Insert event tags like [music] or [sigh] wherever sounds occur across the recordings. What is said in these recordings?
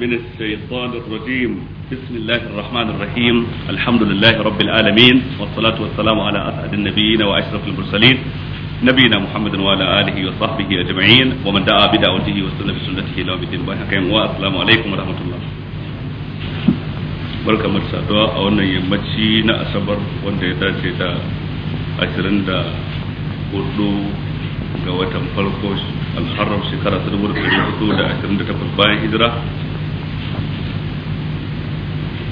من الشيطان الرجيم بسم الله الرحمن الرحيم الحمد لله رب العالمين والصلاة والسلام على أسعد النبيين وأشرف المرسلين نبينا محمد وعلى آله وصحبه أجمعين ومن دعا بدعوته وسن بسنته إلى يوم الدين والسلام عليكم ورحمة الله barka mu saduwa a wannan yammaci na asabar wanda ya dace da 24 ga watan farko alharam shekara ta 1428 bayan hijira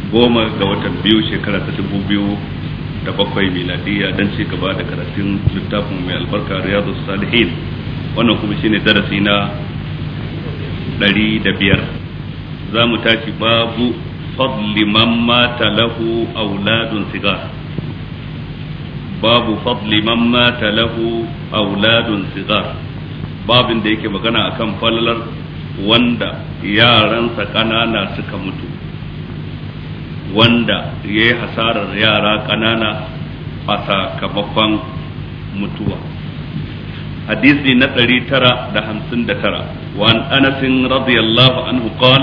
goma ga watan biyu shekara ta dubu biyu da bakwai miladiya don ci gaba da karatun littafin mai albarka riyadu salihin wannan kuma shine darasi na ɗari da biyar za mu tashi babu fadli man mata lahu auladun sigar babu fadli man mata lahu auladun sigar babin da yake magana akan falalar wanda yaransa ƙanana suka mutu wanda ya yi hasarar yara ƙanana a sakamakon mutuwa hadisi na ɗari tara da hamsin da tara wa an anasin radiyallahu anhu qal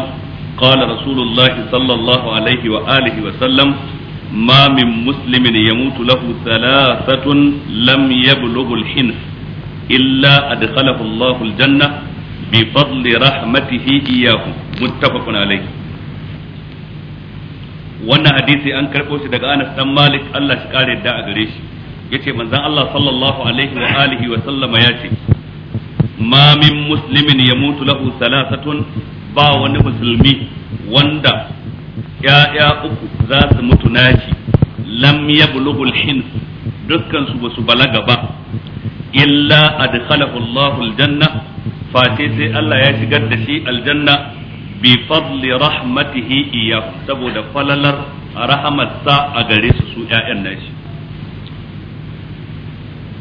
قال رسول الله صلى wa عليه وآله وسلم ما من مسلم يموت له ثلاثة لم يبلغ illa إلا أدخله الله الجنة بفضل رحمته إياه متفق عليه wannan hadisi an karɓo shi daga Anas dan Malik Allah shi kare da a gare shi yace manzon Allah sallallahu alaihi wa alihi wa sallama yace ma min muslimin yamutu lahu salasatun ba wani musulmi wanda ya'ya uku za su mutu naci lam yablughul hins dukkan su basu balaga ba illa adkhalahu Allahu janna fate sai Allah ya shigar da shi aljanna bi fadli rahmatihi iya saboda falalar rahamarsa a gare su su ƴaƴan nashi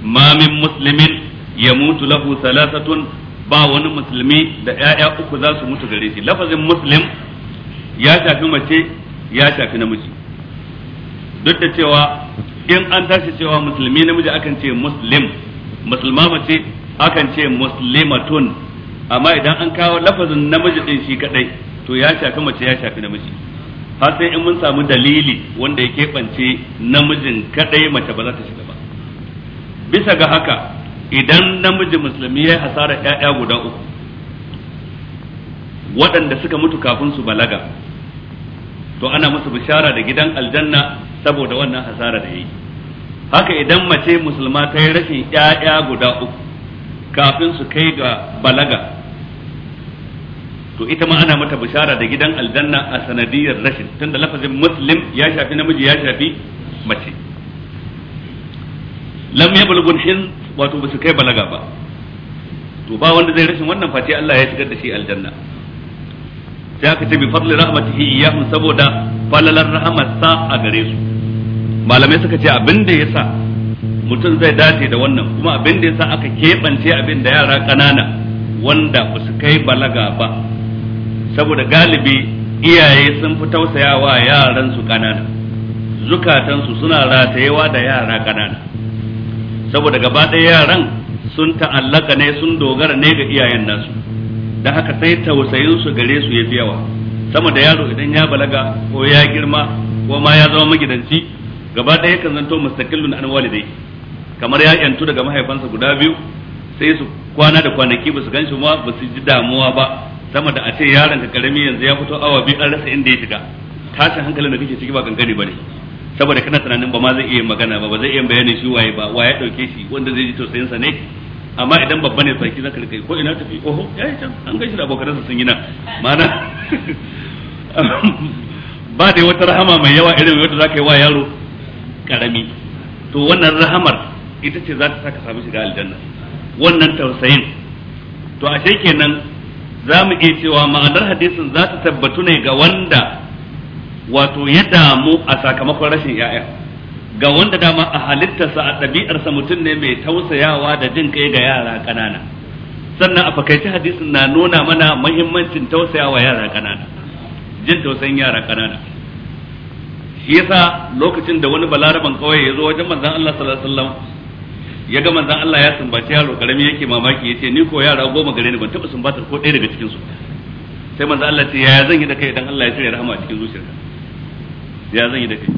ma min muslimin yamutu lahu thalathatun ba wani musulmi da ƴaƴa uku za su mutu gare shi lafazin muslim ya shafi mace ya shafi namiji duk da cewa in an tashi cewa musulmi namiji akan ce muslim musulma mace akan ce muslimatun amma idan an kawo lafazin namiji din shi kadai to ya shafi mace ya shafi namiji har sai in mun samu dalili wanda ya keɓance namijin kadai mace ba za ta shiga ba bisa ga haka idan namiji musulmi ya hasara ƴaƴa guda uku waɗanda suka mutu kafin su balaga to ana musu bishara da gidan aljanna saboda wannan hasara da yayi haka idan mace musulma ta yi rashin ƴaƴa guda uku kafin su kai ga balaga to ita ma ana mata bishara da gidan aljanna a sanadiyar rashin tunda lafazin muslim ya shafi namiji ya shafi mace lam yablughu hin wato ba su kai balaga ba to ba wanda zai rashin wannan fati Allah ya shigar da shi aljanna sai aka ce bi fadli rahmatihi iyyahum saboda falalar rahmatsa a gare su malamai suka ce abin da yasa mutum zai dace da wannan kuma abin da yasa aka keɓance abin da yara ƙanana wanda ba su kai balaga ba saboda galibi iyaye sun fi tausayawa yaran su ƙanana zukatansu suna ratayewa da yara ƙanana saboda gaba ɗaya yaran sun ta'allaka ne sun dogara ne ga iyayen nasu da haka sai tausayinsu gare su ya fi yawa sama da yaro idan ya balaga ko ya girma ko ma ya zama magidanci gaba ɗaya kan zanto mustaqillun an walidai kamar ya yantu daga mahaifansa guda biyu sai su kwana da kwanaki ba su gan shi ba su ji damuwa ba sama da a ce yaron ka karami yanzu ya fito awa biyu an rasa inda ya shiga tashin hankalin da kake ciki ba ba bane saboda kana tunanin ba ma zai iya magana ba ba zai iya bayanin shi waye ba waye dauke shi wanda zai ji tausayin sa ne amma idan babba ne sarki zaka rike ko ina tafi oho yayi can an gaishe da sa sun yi na mana [laughs] ba dai wata rahama mai yawa irin wanda zaka yi wa yaro karami to wannan rahamar ita ce za ta saka samu shiga aljanna wannan tausayin to a ashe kenan za mu iya cewa ma'anar hadisin za ta tabbatu ne ga wanda wato ya damu a sakamakon rashin ya'ya ga wanda dama a halittarsa a ɗabi'arsa mutum ne mai tausayawa da jin kai ga yara ƙanana sannan a fakaice hadisin na nuna mana mahimmancin tausayawa yara ƙanana jin tausayin yara ƙanana shi yasa lokacin da wani balaraban kawai ya zo wajen manzon Allah sallallahu alaihi wasallam ya ga manzon Allah ya sumbace yaro karami yake mamaki yace ni ko yara goma gare ni ban taba sumbatar ko ɗaya daga cikin su sai manzon Allah ce yaya zan yi da kai idan Allah ya cire rahama a cikin zuciyarka ya zan yi da kai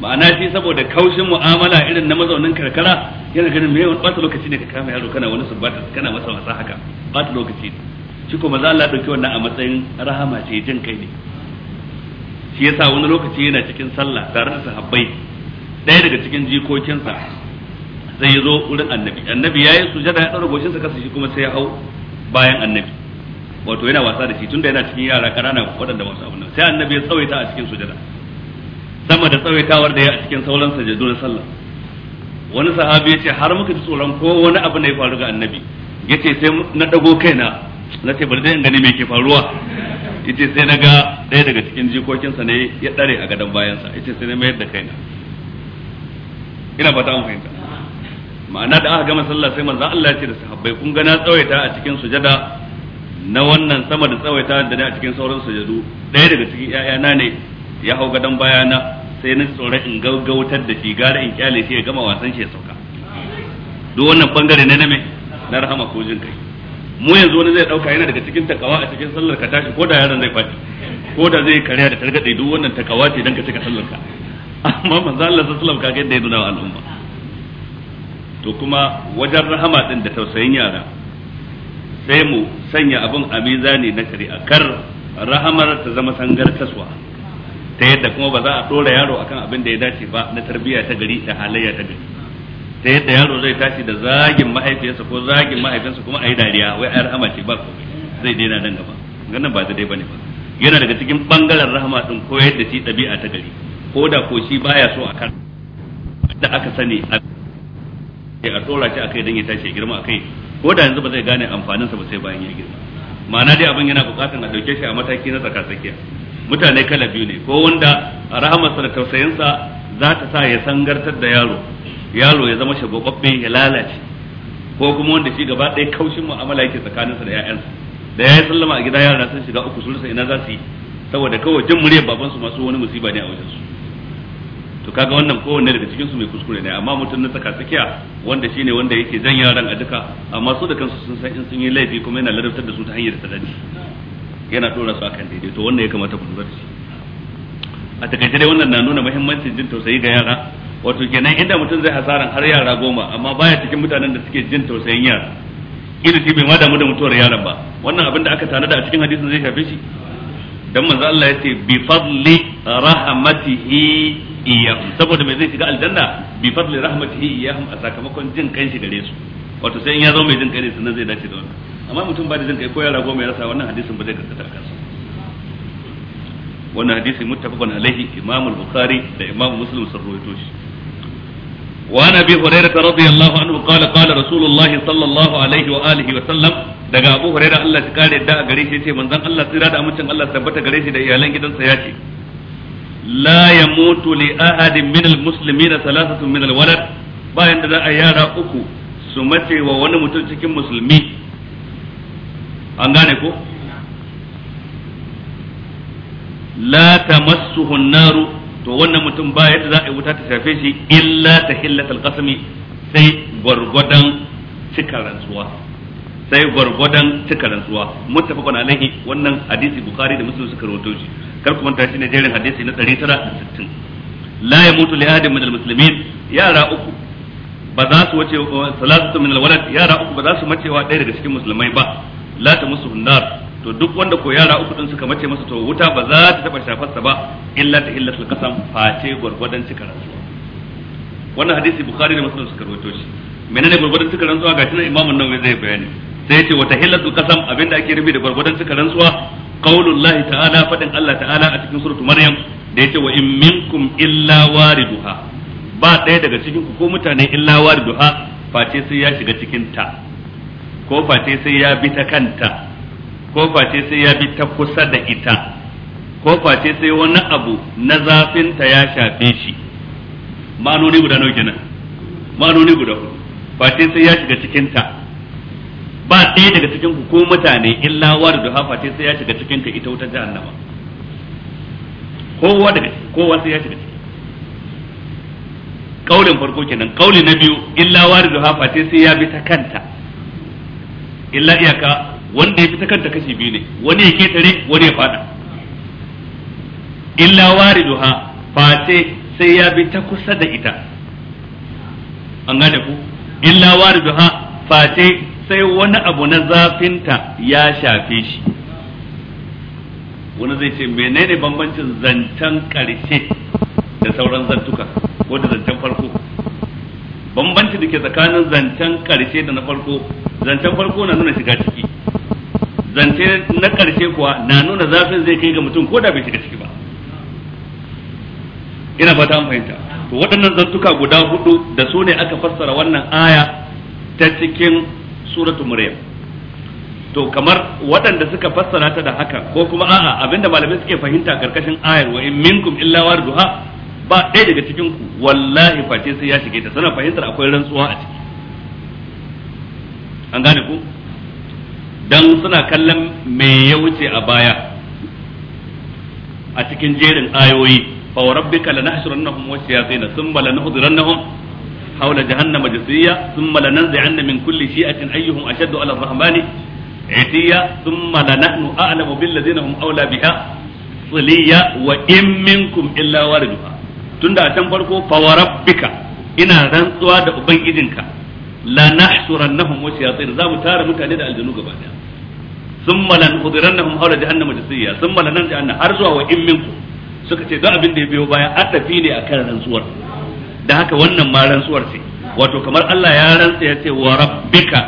ma'ana shi saboda kaushin mu'amala irin na mazaunin karkara yana ganin me yawan ɓata lokaci ne ka kama yaro kana wani sumbata kana masa wasa haka ɓata lokaci ne shi ko maza Allah dauki wannan a matsayin rahama ce jin kai ne shi yasa wani lokaci yana cikin sallah tare da sahabbai ɗaya daga cikin jikokinsa sai ya zo wurin annabi annabi ya yi sujada ya ɗaura goshinsa kasa shi kuma sai ya hau bayan annabi wato yana wasa da shi tunda yana cikin yara ƙanana waɗanda wasu abin sai annabi ya tsawaita a cikin sujada sama da tsawaitawar da ya a cikin sauran sajadu na sallah wani sahabi ya ce har muka ji tsoron ko wani abu ne ya faru ga annabi ya ce sai na ɗago kaina na ce bari dai in gani me ke faruwa ya ce sai na ga ɗaya daga cikin jikokinsa ne ya ɗare a gadon bayansa ya ce sai na mayar da kaina ina ba ta fahimta ma'ana da aka gama sallah sai manzon Allah ya ce da sahabbai kun ga na tsawaita a cikin sujada na wannan sama da tsawaita da ne a cikin sauran sujadu ɗaya daga cikin ƴaƴana ne ya hau gadon bayana sai na tsore in gaggautar da shi gara in kyale shi ya gama wasan shi ya sauka duk wannan bangare ne na me na rahama ko jin kai mu yanzu wani zai dauka yana daga cikin takawa a cikin sallar ka tashi ko da yaron zai faɗi ko da zai karya da targade duk wannan takawa ce dan ka cika sallar ka amma manzo Allah sallallahu alaihi wasallam ga yadda ya nuna wa al'umma to kuma wajen rahama din da tausayin yara sai mu sanya abin a mizani na shari'a kar rahamar ta zama sangar kaswa ta yadda kuma ba za a ɗora yaro akan abin da ya dace ba na tarbiyya ta gari da halayya ta gari ta yadda yaro zai tashi da zagin mahaifiyarsa ko zagin mahaifinsa kuma a yi dariya wai a rahama ce ba komai zai daina nan gaba ganin ba daidai bane ba yana daga cikin bangaren rahama din ko yadda shi ɗabi'a ta gari ko da ko shi baya so a kan da aka sani a sai a tsora shi akai dan ya tashi girma akai ko da yanzu ba zai gane amfanin sa ba sai bayan ya girma ma'ana dai abin yana bukatan a dauke shi a mataki na tsakatsakiya mutane kala biyu ne ko wanda rahamarsa da tausayinsa za ta sa ya sangartar da yaro yaro ya zama shagwababbe ya lalace ko kuma wanda shi gaba ɗaya kaushin mu'amala yake sa da 'ya'yansa da ya yi sallama a gida yara sun shiga uku sun rasa ina za su yi saboda kawai jin muryar babansu masu wani musiba ne a wajen su. to kaga wannan kowanne daga cikin su mai kuskure ne amma mutum na tsaka tsakiya wanda shine wanda yake zan yaran a duka amma su da kansu sun san in sun yi laifi kuma yana ladabtar da su ta hanyar sadaki yana dora su akan daidai to wannan ya kamata ku lura da shi a takaice dai wannan na nuna muhimmancin jin tausayi ga yara wato kenan inda mutum zai hasaran har yara goma amma baya cikin mutanen da suke jin tausayin yara kila shi bai ma damu da mutuwar yaran ba wannan abin da aka tanada a cikin hadisin zai shafe shi dan manzo Allah ya bi fadli rahmatihi iyyahum saboda mai zai shiga aljanna bi fadli rahmatihi iyyahum a sakamakon jin kanshi gare su wato sai in ya zama mai jin kai ne sannan zai dace da wannan amma mutum ba da jin kai ko ya rago mai rasa wannan hadisin ba zai gaskata kansa wannan hadisi muttafaqun alaihi imam al-bukhari da imam muslim sun rawaito shi وعن ابي هريره رضي الله عنه قال قال رسول الله صلى الله عليه واله وسلم daga abu hurairah Allah ya kare da gare shi yace manzon Allah tsira da amincin Allah tabbata gare shi da iyalan gidansa yace la yamutu li ahadin min almuslimin thalathatun min alwalad bayan da za a yara uku su mace wa wani mutum cikin musulmi an gane ko la tamassuhu naru to wannan mutum ba yadda za a yi wuta ta shafe shi illa ta hillatal qasmi sai gwargwadon cika rantsuwa sai gwargwadon cika rantsuwa muttafaqun alaihi wannan hadisi bukhari da muslim suka rawaito shi kar ku manta shi ne jerin hadisi na 960 la yamutu li ahadin min almuslimin yara uku ba za su wace salatu min alwalad yara uku ba za su macewa ɗaya daga cikin musulmai ba la ta musu hunnar to duk wanda ko yara uku din suka mace masa to wuta ba za ta taba shafarsa ba illa ta illa tul qasam face gurgurdan cika rantsuwa wannan hadisi bukhari da muslim suka rawaito shi menene gurgurdan cika rantsuwa gashi nan imamu nawawi zai bayani sai yace wata hillatul qasam abinda ake rubi da gurgurdan cika rantsuwa qaulullahi ta'ala fadin Allah ta'ala a cikin suratu maryam da yace wa in minkum illa wariduha ba ɗaya daga cikin ku ko mutane illa wariduha face sai ya shiga cikin ta ko face sai ya bi ta kanta ko face sai ya bi ta kusa da ita ko face sai wani abu na zafin ta ya shafe shi ma'anoni guda nawa kenan ma'anoni guda hudu sai ya shiga cikin ta ba ɗaya daga cikin ku ko mutane illa da hafa ce sai ya shiga cikin ta ita wutar jahannama kowa daga kowa sai ya shiga ciki kaulin farko kenan kauli na biyu illa da hafa ce sai ya bi ta kanta illa iyaka wanda ya fi ta kanta kashi biyu ne wani ya ketare wani ya fada illa wariduha face sai ya bi ta kusa da ita an gane ku illa wariduha face sai wani abu na zafinta ya shafe shi wani zai ce menene bambancin zancen ƙarshe da sauran zantuka ko da zancen farko bambanci da ke tsakanin zancen ƙarshe da na farko zancen farko na nuna shiga ciki zance na ƙarshe kuwa na nuna zafin zai kai ga mutum ko da bai shiga ciki ba ina fata an fahimta to waɗannan zantuka guda hudu da su ne aka fassara wannan aya ta cikin suratul maryam to kamar waɗanda suka fassara ta da haka ko kuma a'a abinda malamai suke fahimta karkashin ayar wa in minkum illa warduha ba ɗaya daga cikin ku wallahi face sai ya shige ta sana fahimtar akwai rantsuwa a ciki an gane ku dan suna kallon me ya wuce a baya a cikin jerin ayoyi fa rabbika lanahshurannahum wa shayatin thumma lanahdhirannahum حول جهنم جثيا ثم لننزعن من كل شيئة أيهم أشد على الرحمن عتيا ثم لنحن أعلم بالذين هم أولى بها صليا وإن منكم إلا واردها tunda a can farko fawarabbika ina rantsuwa da ubangijinka la nahsurannahum wa shayatin za mu tara mutane da aljanu gaba daya thumma lan udirannahum hawla jahannama jasiya thumma lan har zuwa wa in minkum suka ce don abin da ya biyo baya adafi ne akan rantsuwar da haka wannan ma rantsuwar ce wato kamar Allah ya rantsa ya ce wa rabbika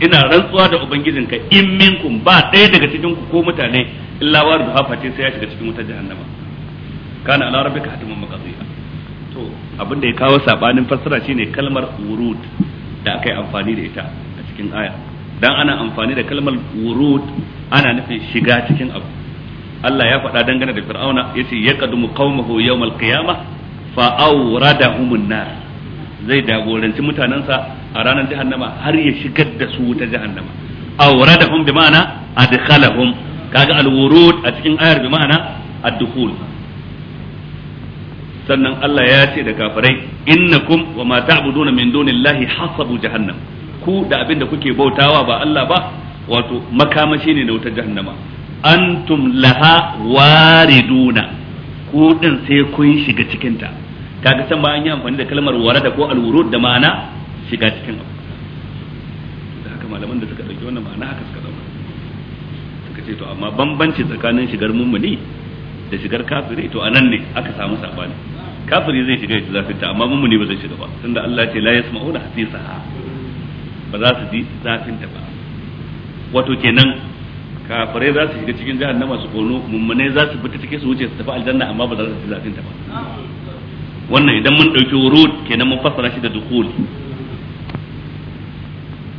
ina rantsuwa da ubangijinka in minkum ba ɗaya daga cikin ku ko mutane illa wa da fati sai ya shiga cikin wutar jahannama kana ala rabbika hatimun maqdiya to abin da ya kawo sabanin fassara shine kalmar wurud da aka yi amfani da ita a cikin aya dan ana amfani da kalmar wurud ana nufin shiga cikin abu Allah ya faɗa dangane da Fir'auna yace yaqdumu qaumahu yawmal qiyamah fa humun nar zai jagoranci mutanensa a ranar jahannama har ya shigar da su wuta jahannama awradahum bi ma'ana adkhalahum kaga alwurud a cikin ayar bi ma'ana sannan Allah ya ce da kafirai innakum wa ma ta'buduna min dunillahi hasabu jahannam ku da abin da kuke bautawa ba Allah ba wato makamashi ne da wutar jahannama antum laha wariduna ku din sai kun shiga cikinta kaga can ba an yi amfani da kalmar warada ko alwurud da ma'ana shiga cikin abu da haka malaman da suka dauki wannan ma'ana haka suka dauka suka ce to amma bambanci tsakanin shigar mummuni da shigar kafiri to anan ne aka samu sabani kafiri zai shiga ya zafi ta amma mummuni ba zai shiga ba tunda Allah ce la yasma'una hasisaha ba za su ji zafin ta ba wato kenan kafirai za su shiga cikin jahannama su kono mummune za su fita cikin su wuce su tafi aljanna amma ba za su ji zafin ta ba wannan idan mun ɗauki wurud kenan mun fassara shi da dukhul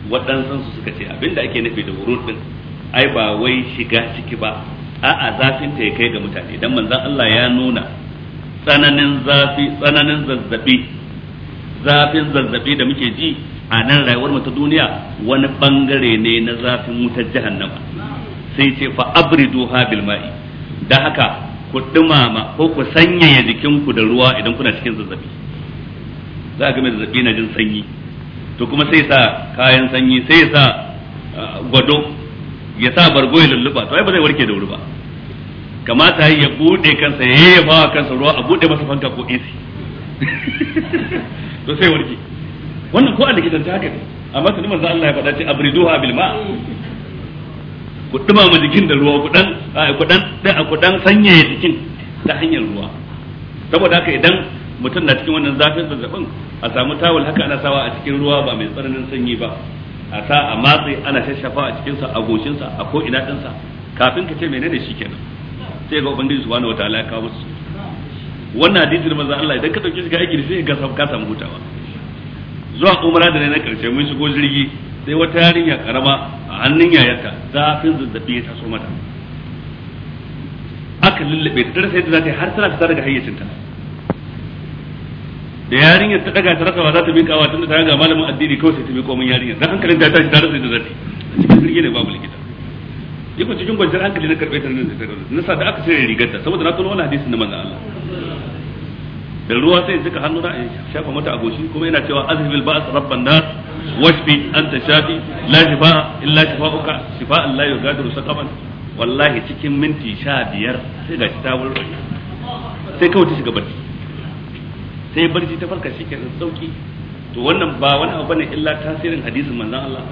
waɗansan su suka ce abinda ake nufi da wurud din ai ba wai shiga ciki ba a'a zafin ta ya kai ga mutane dan manzon Allah ya nuna tsananin zafi tsananin zazzabi zafin zazzabi da muke ji a nan rayuwar mu ta duniya wani bangare ne na zafin wutar jahannama sai ce fa abridu ha ma'i da haka ku dumama ko ku sanyaya jikinku da ruwa idan kuna cikin zazzabi za a game zazzabi na jin sanyi to kuma sai sa kayan sanyi sai sa gwado ya sa bargo ya lulluba to ai ba zai warke da wuri ba kamata ya bude kansa ya ba kansa ruwa a bude masa fanka ko AC [laughs] to sai warke wannan ko a likitan ta haka ne amma tuni manzo Allah ya faɗa ce abriduha bil ma ku mu jikin da ruwa ku dan ku dan ku dan sanyaya jikin ta hanyar ruwa saboda haka idan mutum na cikin wannan zafin zazzabin a samu tawul haka ana sawa a cikin ruwa ba mai tsananin sanyi ba a sa a matsi ana shashafa a cikinsa a sa a ko ina ɗinsa kafin ka ce menene shi kenan sai ga ubangiji subhanahu wataala ya kawo musu wannan hadisin manzo Allah idan ka dauke shi ga aiki sai ka samu ka samu hutawa zuwa umara da ne na karshe mun shigo jirgi sai wata yarinya karama a hannun yayarta zafin zazzabi ya taso mata aka lullube ta rasa sai za ta yi har tana fita daga hayyacinta da yarinyar ta daga ta rasa ba za ta miƙawa tun da ta ga malamin addini kawai sai ta miƙo min yarinyar dan hankalin ta tashi ta rasa yadda za a cikin jirgi ne babu likita yiko cikin gwajar hankali na karɓe ta nan da na sa da aka cire rigarta saboda na tono wani hadisin na manzon Allah da ruwa sai suka hannu na shafa mata a goshi kuma yana cewa azhibil ba'as rabban nas washfi anta shafi la shifa illa shifa shifaa'an la gadiru saqaman wallahi cikin minti 15 biyar sai ga ta wurin sai kawai ta shiga barci sai barci ta farka shi kenan sauki to wannan ba wani abu bane illa tasirin hadisin manzon Allah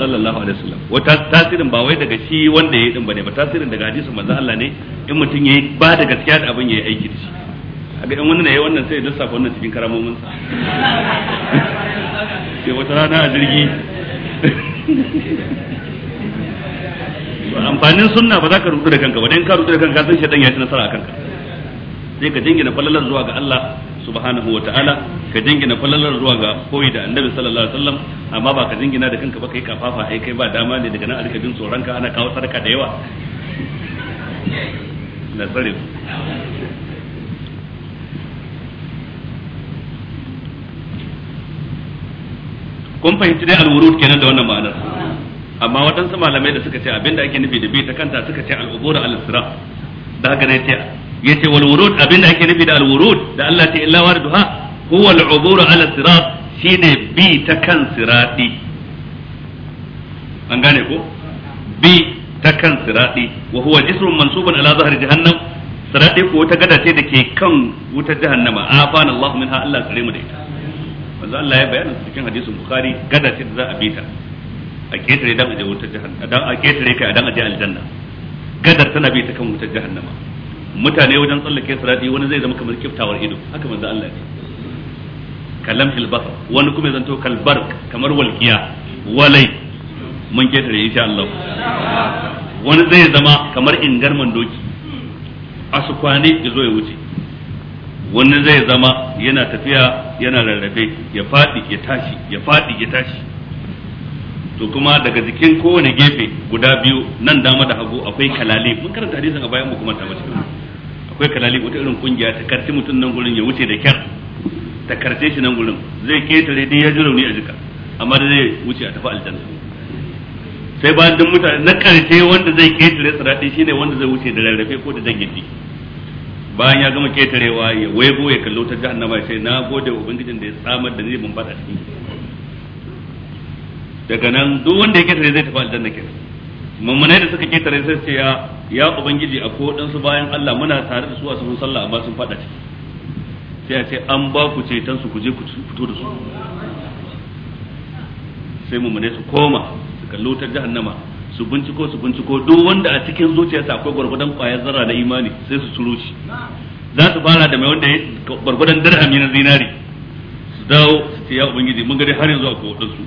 sallallahu alaihi wasallam wata tasirin ba wai daga shi wanda yayi din bane ba tasirin daga hadisin manzon Allah ne in mutum yayi ba da gaskiya da abin yayi aiki da shi a ga in wannan yayi wannan sai ya lissafa wannan cikin karamomin sa ce wata rana a jirgi amfanin sunna ba za ka rutu da kanka ba dan ka rutu da kanka san shaitan ya ci nasara a kanka sai ka jingina fallalar zuwa ga Allah subhanahu wa ta'ala ka jingina fallalar zuwa ga koyi da annabi sallallahu alaihi wasallam amma ba ka jingina da kanka ba kai kafafa ai kai ba dama ne daga nan alka tsoron ka ana kawo sadaka da yawa na tsare kun fahimci dai al kenan da wannan ma'anar amma waɗansu malamai da suka ce abinda ake nufi da bi ta kanta suka ce al'ubura ubur al-isra da haka ne ce yace wal wurud abinda ake nufi da al da Allah ta illa warduha huwa al ubur ala sirat shine bi ta kan sirati an gane ko bi ta kan sirati wa huwa jisrun mansubun ala zahri jahannam sirati ko wata gada ce da ke kan wutar jahannama afana Allah minha Allah tsare mu da ita manzo Allah ya bayyana cikin hadisin bukhari gada ce da za a bi ta a ketare dan aje wutar jahannama dan a ketare kai dan aje aljanna gadar tana bi ta kan wutar jahannama mutane wajen tsallake sirati wani zai zama kamar kiftawar ido haka manzo Allah ya kalam fil basar wani kuma zanto kalbar kamar walkiya walai mun ketare insha Allah wani zai zama kamar ingarman doki a su kwane ya zo ya wuce wani zai zama yana tafiya yana rarrafe ya faɗi ya tashi ya faɗi ya tashi to kuma daga jikin kowane gefe guda biyu nan dama da hagu akwai kalali mun karanta hadisin a bayan mu kuma ta mace akwai kalali wata irin kungiya ta karti mutum nan gurin ya wuce da kyar ta karte shi nan gurin zai ketare dai ya ji rauni a jika amma da zai wuce a tafi aljanna sai bayan duk mutane na karshe wanda zai ketare tsiraɗi shine wanda zai wuce da rarrafe ko da dangin bayan ya gama ketarewa ya waigo ya kallo ta annaba sai na gode wa ubangijin da ya samar da ni ban fada cikin daga nan duk wanda ya ketare zai tafi aljanna kenan mummunai da suka ketare sai ce ya ya ubangiji a su bayan Allah muna tare da su a sun sallah amma sun fada ciki sai ya ce an ba ku ceton su ku je ku fito da su sai mummunai su koma su kallo ta jahannama su binciko su binciko duk wanda a cikin zuciyarsa akwai gwargwadon kwayar zarra na imani sai su ciro shi za su fara da mai wanda ya gwargwadon dirhami na zinari su dawo su ce ya ubangiji mun gari har yanzu akwai wadansu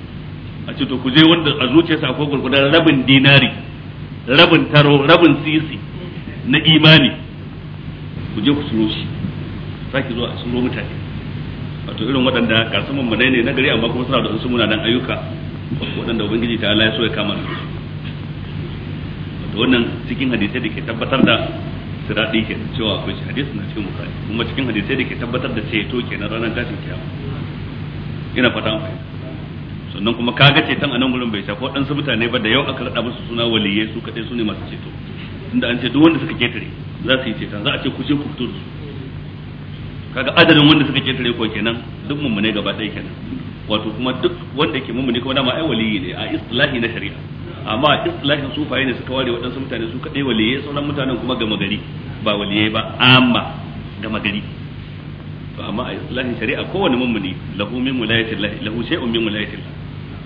a ce to ku je wanda a zuciyarsa akwai gwargwadon rabin dinari rabin taro rabin sisi na imani ku je ku ciro shi saki zuwa a ciro mutane wato irin waɗanda kasuwan mu ne na gari amma kuma suna da wasu munanan ayyuka waɗanda ubangiji ta Allah ya so ya kama su wannan cikin hadisai da ke tabbatar da siradi ke cewa akwai shi hadisi na cikin bukari kuma cikin hadisai da ke tabbatar da ceto kenan ranar tashin kiyama ina fata mafi sannan kuma kaga ceton a nan gurin bai shafi waɗansu mutane ba da yau aka raɗa musu suna waliyai su kaɗai su ne masu ceto tunda an ce duk wanda suka ketare za su yi ceton za a ce ku je ku fito da su kaga adadin wanda suka ketare ko kenan duk mummune gaba ɗaya kenan wato kuma duk wanda ke mummune kuma dama ai waliyi ne a islahi na shari'a amma islahin sufaye ne suka ware waɗansu mutane su kaɗai waliye sauran mutanen kuma gama gari ba waliye ba amma gama gari to amma a islahin shari'a kowane mummuni lahu min mulayatillah lahu shay'un min mulayatillah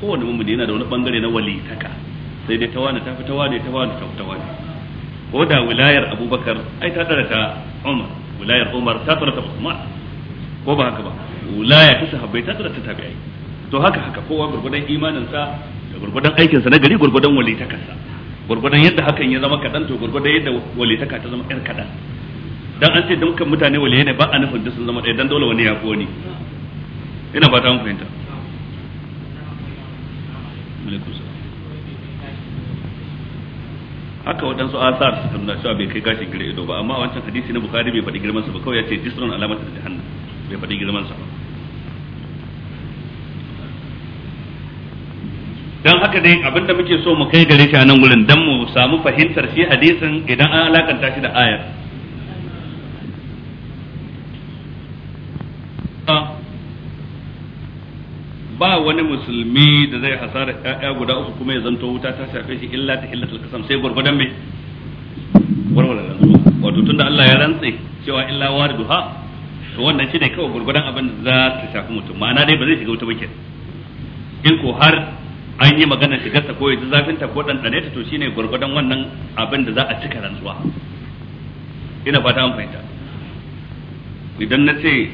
kowane mummuni yana da wani bangare na walitaka sai dai tawane ta fi tawane wani ta tawane ko da wilayar abubakar ai ta tsara ta umar wilayar umar ta tsara ta umar ko ba haka ba wilaya ta sahabbai ta tsara ta tabi'ai to haka haka kowa gurgudan imanin sa gurgudan aikinsa na gari gurgudan walitakarsa gurgudan yadda hakan ya zama kadan to gurgudan yadda walitaka ta zama yar kadan dan an ce dukkan mutane waliyai ne ba a nufin sun zama ɗaya dan dole wani ya fi ina fata mun fahimta haka waɗansu asar su nuna cewa bai kai gashin gire ido ba amma wancan hadisi na bukari bai faɗi sa ba kawai ya ce jisrun alamatar jahannam bai faɗi sa ba dan haka dai abin da muke so mu kai gare shi a nan gurin don mu samu fahimtar shi hadisin idan an alakanta shi da ayar ah. ba wani musulmi da zai hasara ƴaƴa guda uku kuma ya zanto wuta ta shafe shi illa ta illatul kasam sai gurgudan mai warware rantsuwa wato tunda Allah ya rantse cewa illa wariduha to wannan shi ne kawai gurgudan abin da za ta shafi mutum ma'ana dai ba zai shiga wuta ba in ko har an yi magana ta koyi zafin zafinta ko dane ta to shine gwargwadon wannan abin da za a cika rantsuwa ina fata an fahimta idan na ce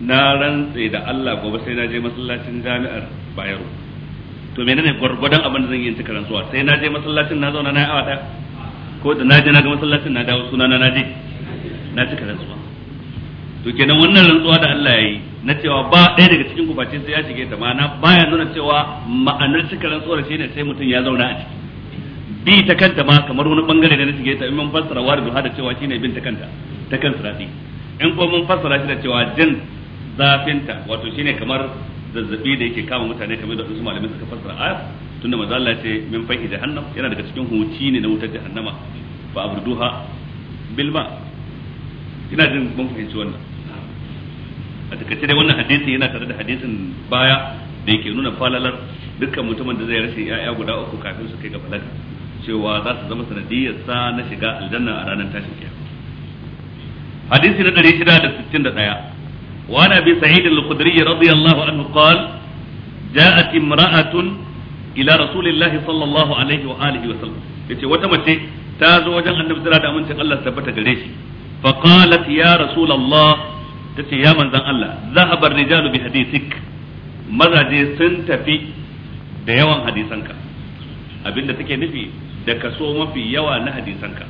na rantse da Allah gobe sai na je masallacin jami'ar Bayero to menene gwargwadon abin da zan yi cika rantsuwa sai na je masallacin na zauna na yi awata ko da na je na ga masallacin na dawo suna na na je na cika rantsuwa to kenan wannan rantsuwa da Allah ya yi na cewa ba ɗaya daga cikin kufaci sai ya shige ta ma'ana baya nuna cewa ma'anar cika rantsuwar shine sai mutum ya zauna a ciki bi ta kanta ma kamar wani bangare da na shige ta in fassara wa da cewa shine bin ta kanta ta kan sirati in ko mun fassara shi da cewa jin zafinta wato shine kamar zazzabi da yake kama mutane kamar da su malamin suka fassara a tunda manzo Allah ce min fahi jahannam yana daga cikin huci ne na wutar jahannama fa abruduha bilma ina jin mun fahimci wannan a takaice dai wannan hadisin yana tare da hadisin baya da yake nuna falalar dukkan mutumin da zai rashin ya'ya guda uku kafin su kai ga balaga cewa za su zama sanadiyar sa na shiga aljanna a ranar tashin kiyama hadisi na 661 وعن ابي سعيد الخدري رضي الله عنه قال جاءت امراه الى رسول الله صلى الله عليه واله وسلم yace wata mace ta zo wajen annabi sallallahu alaihi wasallam Allah tabbata gare shi fa qalat ya rasulullah ta ce ya manzan Allah za a bar rijalu bi hadisik mazaje sun tafi da yawan hadisanka abinda take nufi da kaso mafi yawa na hadisanka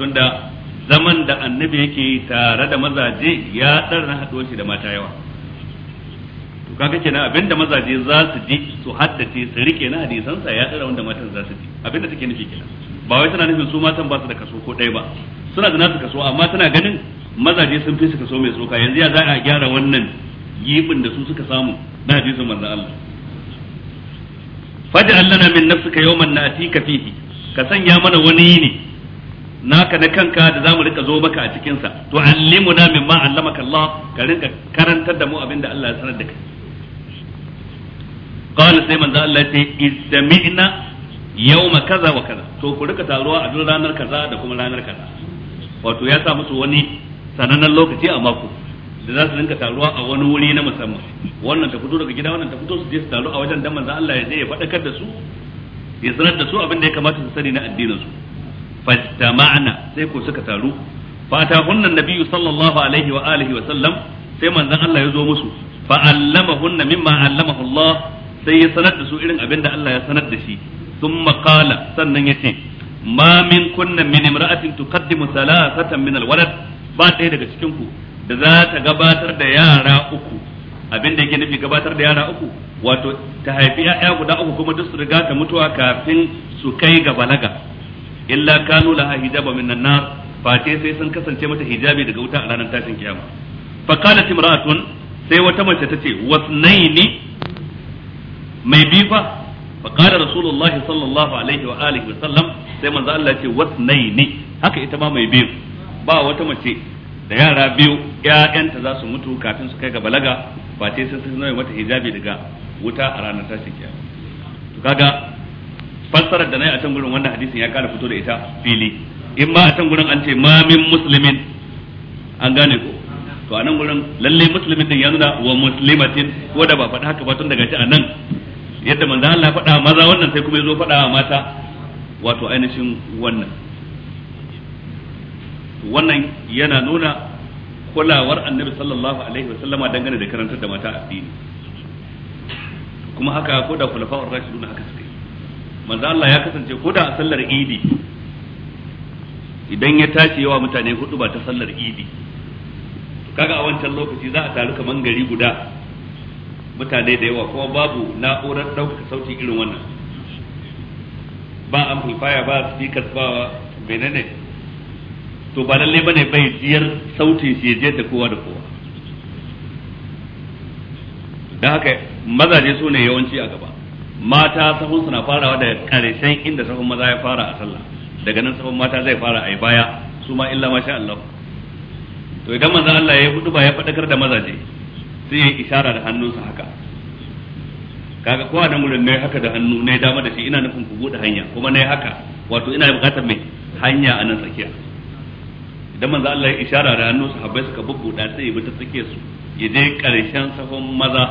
tunda zaman da annabi yake tare da mazaje ya dar na haɗuwar shi da mata yawa to kaga kenan abinda mazaje za su ji su haddace su rike na hadisansa ya tsara wanda matan za su ji abinda take nufi kenan ba wai tana nufin su matan ba su da kaso ko ɗaya ba suna da nasu kaso amma tana ganin mazaje sun fi su so mai tsoka yanzu ya za a gyara wannan yibin da su suka samu na hadisin manzon Allah faj'al lana min nafsika yawman na'tika fihi ka sanya mana wani ne naka na kanka da zamu rika zo maka a cikin sa to allimuna mimma allamaka Allah ka rinka karantar da mu abinda Allah ya sanar da kai qala sai manzo Allah ya ce istami'na yawma kaza wa kaza to ku rika taruwa a duk ranar kaza da kuma ranar kaza wato ya sa musu wani sanannen lokaci a mako da za su rinka taruwa a wani wuri na musamman wannan ta fito daga gida wannan ta fito su je su taru a wajen dan manzo Allah ya je ya da su ya sanar da su abin da ya kamata su sani na addinin su fastama'na sai ko suka taru fata hunnan nabiyyu sallallahu alaihi wa alihi wa sallam sai manzon Allah ya zo musu fa allamahunna mimma allamahu Allah sai ya sanar da su irin abin da Allah ya sanar da shi thumma qala sannan yace ma min kunna min imra'atin tuqaddimu thalathatan min walad ba ɗaya daga cikin ku da za ta gabatar da yara uku abin da yake nufi gabatar da yara uku wato ta haifi ya'ya guda uku kuma duk su riga ta mutuwa kafin su kai ga balaga illa kanu laha hijaba minan nar fate sai sun kasance mata hijabi daga wuta a ranar tashin kiyama fa qalat imra'atun sai wata mace tace wasnaini mai bifa fa qala rasulullahi sallallahu alaihi wa alihi wa sallam sai manzo Allah ya ce wasnaini haka ita ma mai bifa ba wata mace da yara biyu ƴaƴanta za su mutu kafin su kai ga balaga ba ce sun sanar mata hijabi daga wuta a ranar tashin kiyama to kaga fassarar da nayi a can gurin wannan hadisin ya kara fito da ita fili in ma a can gurin an ce ma min muslimin an gane ko to a nan gurin lalle muslimin din ya nuna wa muslimatin ko da ba faɗa haka ba tun daga ci a nan yadda manzo Allah faɗa maza wannan sai kuma ya zo faɗa mata wato ainihin wannan wannan yana nuna kulawar annabi sallallahu alaihi sallama dangane da karantar da mata addini kuma haka ko da kulafa'ur rashidun haka suka yi manzo Allah ya kasance ko da a sallar idi idan ya tashi yawa mutane hudu ba ta sallar idi kaga a wancan lokaci za a taru kaman gari guda mutane da yawa kuma babu na'urar ɗaukar sauti irin wannan ba amplifier ba speakers ba menene to ba lalle bane bai jiyar sautin shi je da kowa da kowa dan haka mazaje su ne yawanci a gaba mata sahun suna farawa da karshen inda sahun maza ya fara a sallah daga nan sahun mata zai fara a baya su ma illa masha Allah to idan manzo Allah ya hudu ba ya fadakar da mazaje sai ya isara da hannunsa haka kaga kowa nan gurin nayi haka da hannu ne dama da shi ina nufin ku bude hanya kuma ne haka wato ina bukatar mai hanya a nan tsakiya idan manzo Allah ya isharar da hannu sahabbai suka bubbuda sai ya bi su ya je karshen sahun maza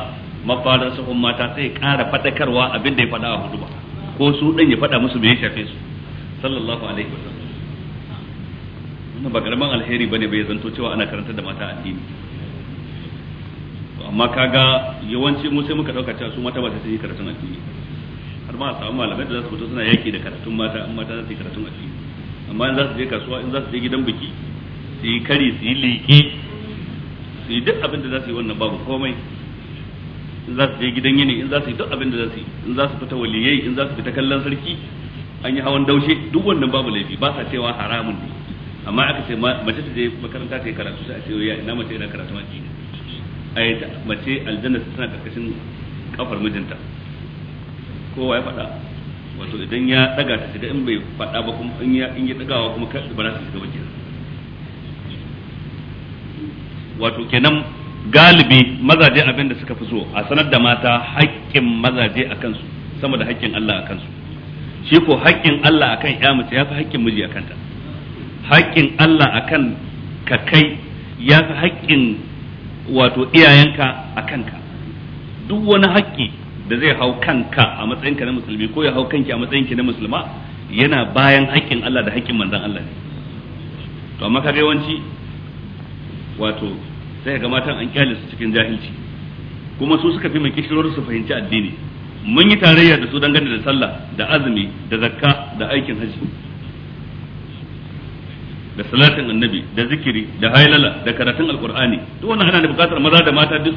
mafarin sahun mata sai ƙara fadakarwa abin da ya faɗa a huduba ko su ɗin ya faɗa musu bai shafe su sallallahu alaihi wa sallam wannan ba garman alheri bane bai zanto cewa ana karanta da mata addini amma kaga yawanci mu sai muka dauka cewa su mata ba sai su yi karatun addini har ma a samu malamai da za su fito suna yaki da karatun mata in mata za su yi karatun addini amma in za su je kasuwa in za su je gidan biki su yi kari su yi liki su yi duk abin da za su yi wannan babu komai in za su je gidan yini in za su yi duk abin da za su yi in za su fita waliyai in za su fita kallon sarki an yi hawan daushe duk wannan babu laifi ba sa cewa haramun ne amma aka ce mace ta je makaranta ta yi karatu sai a ce ya ina mace yana karatu ma ki ai mace aljanna tana karkashin kafar mijinta kowa ya faɗa wato idan ya daga ta shiga in bai faɗa ba kuma in ya dagawa kuma ba za su shiga ba kenan wato kenan galibi mazaje abin da suka fi so a sanar da mata haƙƙin mazaje a kansu sama da haƙƙin Allah a kansu shi ko haƙƙin Allah akan ya mace ya fi haƙƙin miji a kanta haƙƙin Allah akan ka kai ya fi haƙƙin wato iyayenka a kanka duk wani haƙƙi da zai hau kanka a matsayinka na musulmi ko ya hau kanki a matsayinki na musulma yana bayan haƙƙin Allah da haƙƙin manzon Allah ne to amma kaga yawanci wato sai ga matan an kyale su cikin jahilci kuma su suka fi mai kishirwar su fahimci addini mun yi tarayya da su dangane da sallah da azumi da zakka da aikin haji da salatin annabi da zikiri da hailala da karatun alkur'ani duk wannan ana da bukatar maza da mata duk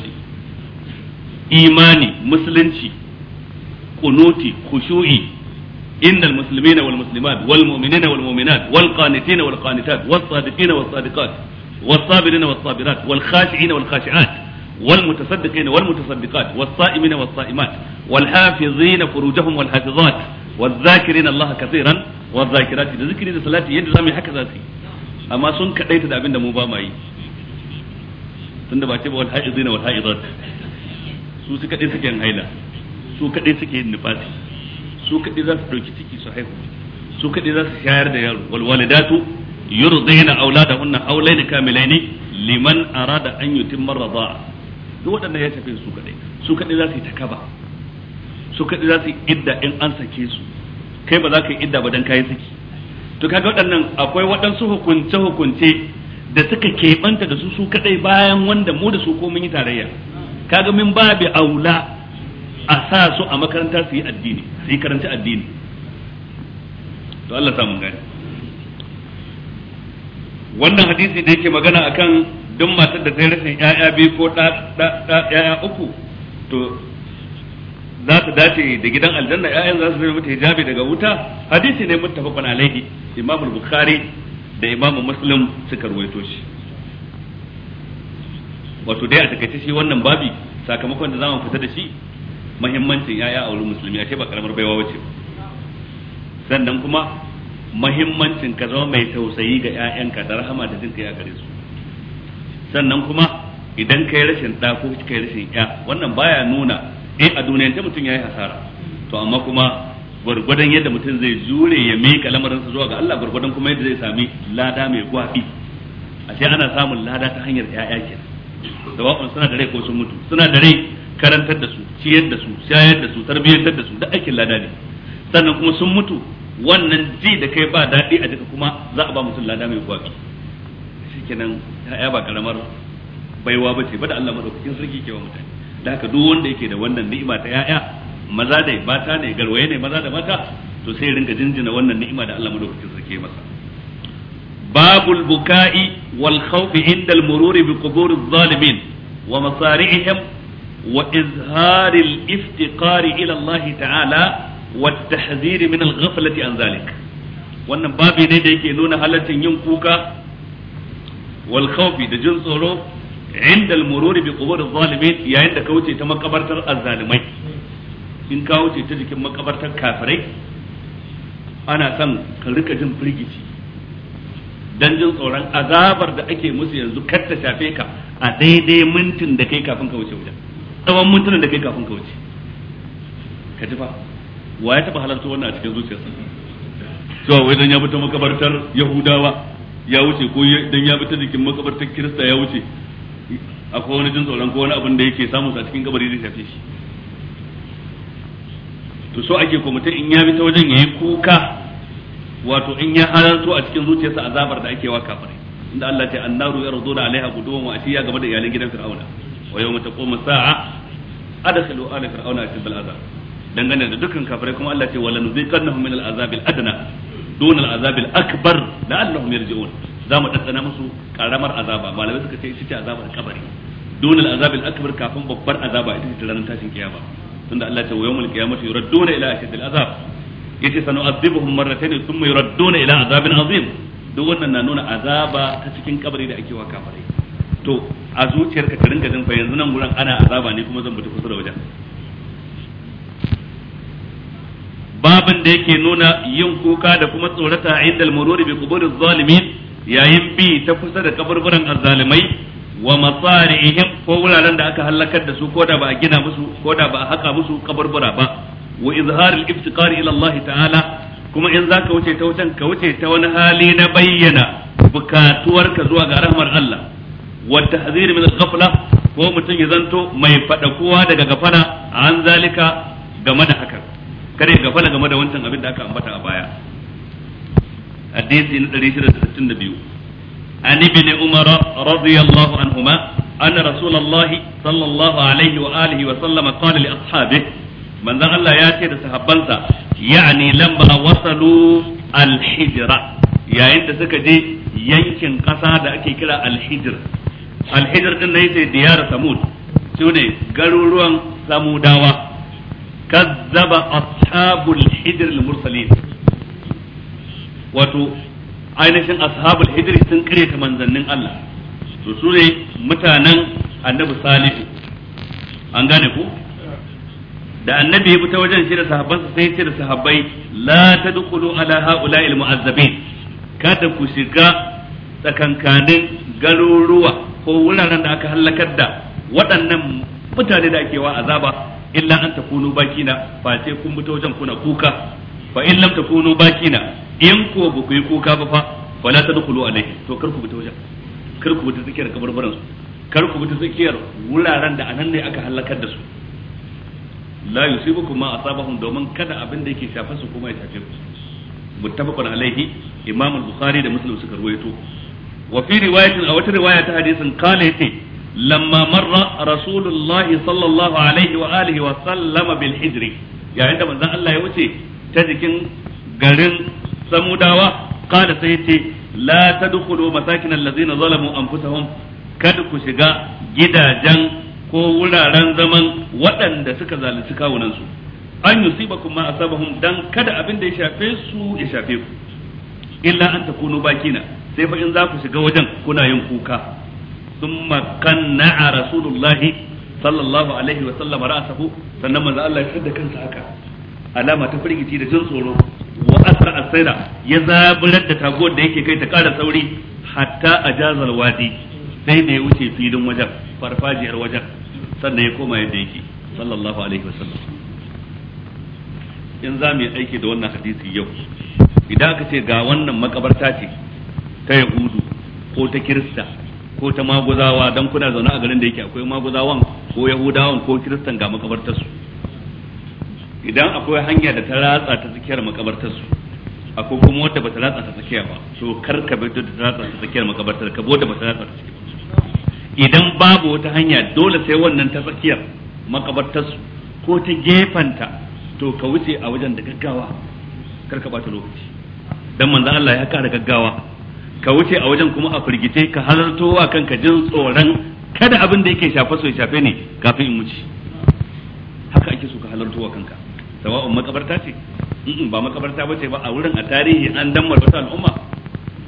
imani musulunci kunuti khushu'i إن المسلمين والمسلمات والمؤمنين والمؤمنات والقانتين والقانتات والصادقين والصادقات والصابرين والصابرات والخاشعين والخاشعات والمتصدقين والمتصدقات والصائمين والصائمات والحافظين فروجهم والحافظات والذاكرين الله كثيرا والذاكرات su suke haila su suke yin su za su ciki su haihu su za su shayar da yaro wal yurdina auladahunna haulaini kamilaini liman arada an yutimma rida'a duk wadannan ya tafi su kadai su kadai za su yi takaba su kadai za su yi idda in an sake su kai ba za ka yi idda ba dan kayi saki to kaga waɗannan akwai waɗansu hukunce hukunce da suka keɓanta da su su kadai bayan wanda mu da su ko mun yi tarayya kaga min babi aula a sa su a makaranta su yi addini su yi karanta addini to Allah mun gani wannan hadisi da yake magana akan duk matar da ta rashin ƴaƴa biyu ko ƴaƴa uku to za ta dace da gidan aljanna ƴaƴan za su zama mata hijabi daga wuta hadisi ne muttafaqun alaihi imamu bukhari da imamu muslim suka ruwaito shi wato dai a takaice shi wannan babi sakamakon da zamu fita da shi muhimmancin ƴaƴa a wurin musulmi ce ba karamar baiwa bace sannan kuma mahimmancin ka zama mai tausayi ga 'ya'yanka da rahama da jin ya a gare su sannan kuma idan kai rashin ɗa ko kai rashin ya wannan baya nuna eh a duniyar ta mutum yi hasara to amma kuma gwargwadon yadda mutum zai jure ya mika lamarinsa zuwa ga Allah gwargwadon kuma yadda zai sami lada mai gwafi ce ana samun lada ta hanyar yaya kenan sawa'un suna da rai ko sun mutu suna da rai karantar da su ciyar da su shayar da su tarbiyyantar da su da aikin lada ne sannan kuma sun mutu wannan ji da kai ba daɗi a jika kuma za a ba mutum lada mai gwabi shikenan ya ba karamar baiwa ba ce ba da Allah madaukakin sarki ke wa mutane da haka duk wanda yake da wannan ni'ima ta yaya maza da mata ne garwaye ne maza da mata to sai rinka jinjina wannan ni'ima da Allah madaukakin sarki ya masa babul buka'i wal khawfi inda al mururi bi qubur adh wa masari'ihim wa izharil iftiqari ila Allah ta'ala wa tahziri min wannan babi ne da yake nuna halaccin yin kuka wal da jin tsoro inda al-mururi yayin da ka wuce ta makabartar ta jikin ana son ka rika jin firgici dan jin tsoron azabar da ake musu yanzu kar ta shafe ka a daidai mintin da kai kafin ka wuce wajen tsawon da kai kafin ka wuce ka ji fa wa ya taba halarta wannan a cikin zuciyarsa to wai dan ya bi ta makabartar yahudawa ya wuce ko dan ya bi ta jikin makabartar kirista ya wuce akwai wani jin tsoron ko wani abin da yake samun sa cikin kabari zai shafe shi to so ake ko mutum in ya bi ta wajen yayi kuka wato in ya halarta a cikin zuciyarsa azabar da ake wa kafirai inda Allah ta annaru yarduna alaiha gudun wa atiya game da iyalan gidan fir'auna wa yawma taquma sa'a adkhilu ala fir'auna fil azab dangane da dukkan kafirai kuma Allah ce wala nuziqannahum min al'azabil adna dun al'azabil akbar la'annahum yarji'un za mu dantsana musu karamar azaba malamai suka ce shi ce azabar kabari dun al'azabil akbar kafin babbar azaba ita ce ranar tashin kiyama tunda Allah ce wa yawmul qiyamati yuradduna ila ashadil azab yace sanu'adhibuhum marratayn thumma yuradduna ila azabin azim duk wannan na nuna azaba ta cikin kabari da ake wa kafirai to a zuciyarka ta ringa jin fa yanzu nan guran ana azaba ne kuma zan fita kusa da wajen babin da yake nuna yin kuka da kuma tsorata inda al bi kuburi zalimin yayin bi ta kusa da kaburburan azzalimai wa masari'ihim ko wuraren da aka halakar da su ko da ba a gina musu ko da ba a haka musu kaburbura ba wa izhar al-iftiqar ila Allah ta'ala kuma in zaka wuce ta wutan ka wuce ta wani hali na bayyana bukatuwarka zuwa ga rahmar Allah wa tahzir min al-ghafla ko mutum ya zanto mai fadakuwa daga gafara an zalika game da hakan kare gafala game da wancan abin da aka ambata a baya hadisi na 662 an ibn umar radiyallahu anhuma an rasulullahi sallallahu alaihi wa alihi wa sallam qala li ashabihi manzo Allah ya ce da sahabbansa yani lamma wasalu al-hijra yayin da suka je yankin kasa da ake kira al-hijr al din ne sai diyar samud su ne garuruwan samudawa kazzaba ashabul hijr al mursalin wato ainihin ashabul hijr sun ta manzannin Allah su ne mutanen annabi an gane ku da annabi ya fita wajen shi da sahabbansa sai ce da sahabbai la tadkhulu ala haula'il mu'azzabin kada ku shiga tsakankanin garuruwa ko wuraren da aka halakar da waɗannan mutane da ake wa azaba illa an takunu bakina fa sai kun mutu wajen kuna kuka fa in lam takunu bakina in ko ba ku yi kuka ba fa fala tadkhulu alaihi to kar ku mutu wajen kar ku mutu tsakiyar kabarbaran su kar ku mutu tsakiyar wuraren da anan ne aka halakar da su la yusibukum ma asabahum domin kada abin da yake shafa su kuma ya shafe ku muttafaqun alaihi imam al-bukhari da muslim suka ruwaito wa fi riwayatin a wata riwaya ta hadisin kala yace lamma marra rasulullahi sallallahu alaihi wa alihi wa sallama bil hijri yayin da manzon Allah ya wuce ta jikin garin samudawa kada sai ce la tadkhulu masakin allazina zalamu anfusahum kada ku shiga gidajen ko wuraren zaman waɗanda suka zalunci kawunansu an yusibakum ma asabahum dan kada abin da ya shafe su ya shafe ku illa an takunu bakina sai fa in za ku shiga wajen kuna yin kuka ثم كنع rasulullahi sallallahu alaihi wa عليه وسلم sannan manzo Allah ya fidda kansa haka alama ta firgici da jin tsoro wa asra asaira ya zaburar da taguwar da yake kai ta kara sauri hatta ajaza alwadi sai na ya wuce filin wajen farfajiyar wajen sannan ya koma yadda yake sallallahu alaihi wa in za mu yi aiki da wannan hadisi yau idan aka ce ga wannan makabarta ce ta yahudu ko ta kirista ko ta maguzawa dan kuna zaune a garin da yake akwai maguzawan ko yahudawan ko kiristan ga makabartarsu idan akwai hanya da ta ratsa ta tsakiyar makabartarsu akwai kuma wata ba ta ratsa ta tsakiya ba to kar ka bi ta ratsa ta tsakiyar makabartar ka bi wata ba ta ratsa ta tsakiya idan babu wata hanya dole sai wannan ta tsakiyar makabartarsu ko ta gefanta to ka wuce a wajen da gaggawa kar ka ta lokaci dan manzo Allah ya kara gaggawa ka wuce a wajen kuma a firgice ka halarto wa kanka jin tsoron kada abin da yake shafe so ya shafe ne kafin in wuce haka ake so ka halarto wa kanka sawa'un makabarta ce in ba makabarta ce ba a wurin a tarihi an dammar wata al'umma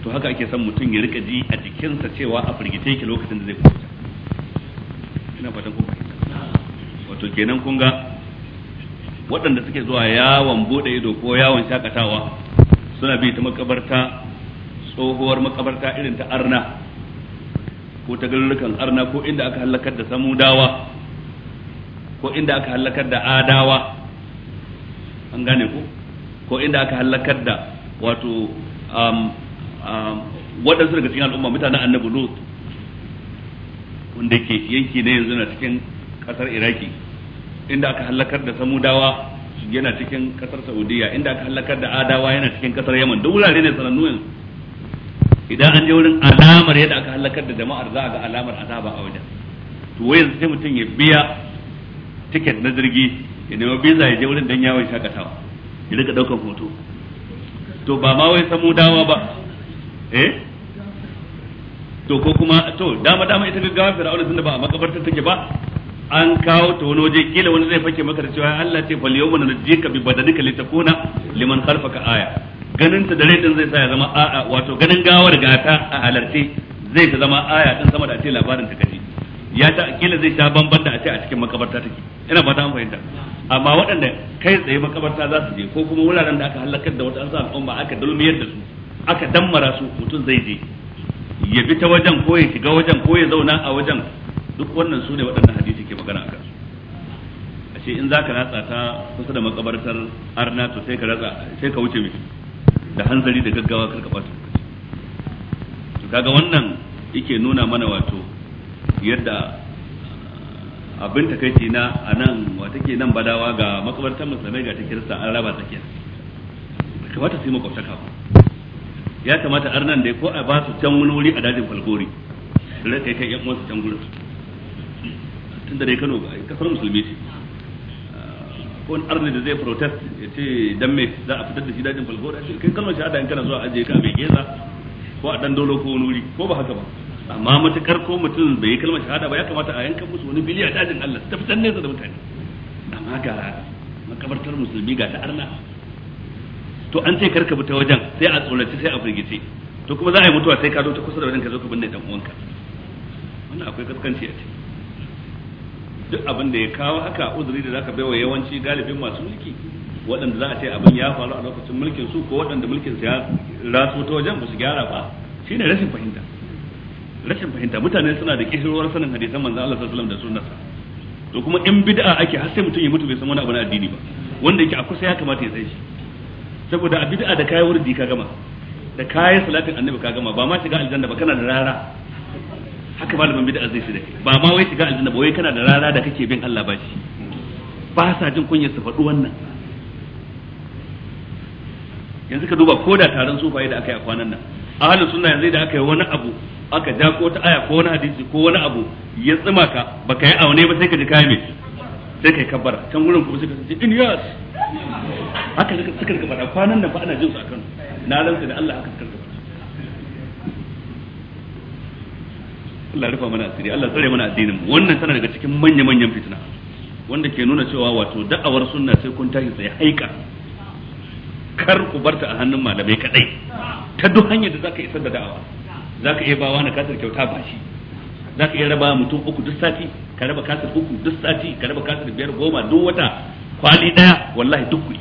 to haka ake son mutum ya rika ji a jikinsa cewa a firgice yake lokacin da zai fita ina fatan kun fahimta wato kenan kun ga waɗanda suke zuwa yawon bude ido ko yawon shakatawa suna bi ta makabarta tsohuwar makabarta irin ta arna ko ta garurukan arna ko inda aka halakar da samudawa ko inda aka halakar da adawa an gane ko ko inda aka halakar da wato um, um, waɗansu daga cikin al'umma mutanen annabi lut wanda ke yanki na yanzu na cikin ƙasar iraki inda aka halakar da samudawa yana cikin ƙasar saudiya inda aka halakar da adawa yana cikin ƙasar yaman da wurare ne sanannu yanzu idan an je wurin alamar yadda aka halakar da jama'ar za a ga alamar azaba a wajen to wai yanzu sai mutum ya biya tiket na jirgi ya nemi biza ya je wurin dan yawon shakatawa ya rika daukan hoto to ba ma wai samu dawa ba eh to ko kuma to dama dama ita gaggawa fir'auna tunda ba a makabartar take ba an kawo ta wani waje kila wani zai fake maka da cewa Allah ce fal yawma najika bi badanika litakuna liman khalfaka aya ganin ta da din zai sa ya zama a'a wato ganin gawar gata a halarce zai ta zama aya din sama da ce labarin ta kaji ya ta kila zai sha bamban da a ce a cikin makabarta take ina fata an fahimta amma waɗanda kai tsaye makabarta za su je ko kuma wuraren da aka halakar da wata al'umma aka dulmiyar da su aka dammara su mutum zai je ya bi ta wajen ko ya shiga wajen ko ya zauna a wajen duk wannan su ne waɗannan hadisi ke magana a kansu ashe in za ka ratsa ta kusa da makabartar arna to sai ka ratsa sai ka wuce mai da hanzari da gaggawa karka bata lokaci to kaga wannan yake nuna mana wato yadda ah, abin takaici na a nan wata ke nan badawa ga makabartar musulmai ga ta kirista an raba tsakiya kamata su yi makwabta ba ya kamata arnan da ko a ba su can wani wuri a dajin falgori da kai kai yan uwansu can gurin tun da dai kano kasar musulmi ce ko in arni da zai protest ya ce dan me za a fitar da shi dajin falgora shi kai kalmar shahada in kana zuwa aje ka mai geza ko a dan dolo ko nuri ko ba haka ba amma matukar ko mutum bai yi kalmar shahada ba ya kamata a yanka musu wani biliya dajin Allah ta fitar nesa da mutane amma ga makabartar musulmi ga ta arna to an ce karka bi ta wajen sai a tsorace sai a firgice to kuma za a yi mutuwa sai ka zo ta kusa da wajen ka zo ka binne dan uwanka wannan akwai kaskanci a ciki duk abin da ya kawo haka uzuri da zaka baiwa yawanci galibin masu mulki waɗanda za a ce abin ya faru a lokacin mulkin su ko waɗanda mulkin su ya rasu ta wajen ba su gyara ba shine rashin fahimta rashin fahimta mutane suna da kishirwar sanin hadisan manzo Allah sallallahu alaihi wasallam da sunnarsa to kuma in bid'a ake har sai mutum ya mutu bai san wani abu na addini ba wanda yake a kusa ya kamata ya san shi saboda a bid'a da kayi wurdi ka gama da kayi salatin annabi ka gama ba ma shiga aljanna ba kana da rara haka malamin bid'a zai shi da kai ba ma wai shiga aljanna ba wai kana da rara da kake bin Allah ba shi ba sa jin kunyar su faɗi wannan yanzu ka duba ko da taron sufaye da aka yi a kwanan nan ahlus sunna yanzu da aka yi wani abu aka ja ko ta aya ko wani hadisi ko wani abu ya tsima ka baka yi aune ba sai ka ji kai me sai kai kabbara can gurin kuma suka ce in yas haka suka suka faɗa kwanan nan ba ana jin su akan na lantsa da Allah haka suka Allah rufa mana asiri Allah tsare mana addinin mu wannan tana daga cikin manya manyan fitina wanda ke nuna cewa wato da'awar sunna sai kun tashi sai haika kar ku barta a hannun malamai kadai ta duk hanyar da zaka isar da da'awa zaka iya bawa na kasar kyauta ba shi zaka iya raba mutum uku duk sati ka raba kasar uku duk sati ka raba kasar biyar goma duk wata kwali daya wallahi duk ku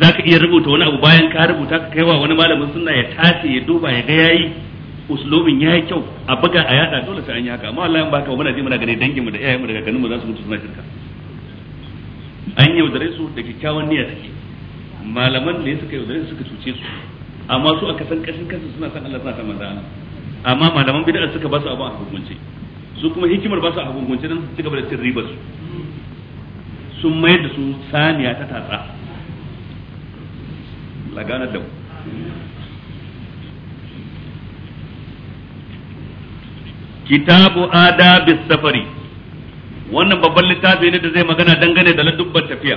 zaka iya rubuta wani abu bayan ka rubuta ka kaiwa wani malamin sunna ya tace ya duba ya ga yayi uslubin ya yi kyau a buga a yada dole sai an yi haka amma wallahi in baka muna ji muna gane dangin mu da iyayen mu da ganin mu za su mutu suna shirka an wadare su da kyakkyawan niyya take malaman da suka yi wadare suka cuce su amma su aka kasan kashin kansu suna san Allah suna san manzo Allah amma malaman bid'a suka ba su abu a hukunce su kuma hikimar ba su a hukunce dan su cigaba da cin riba su sun mayar da su saniya ta tatsa laganar da mu kitabu adabis safari wannan babban littafi ne da zai magana dangane da ladubban tafiya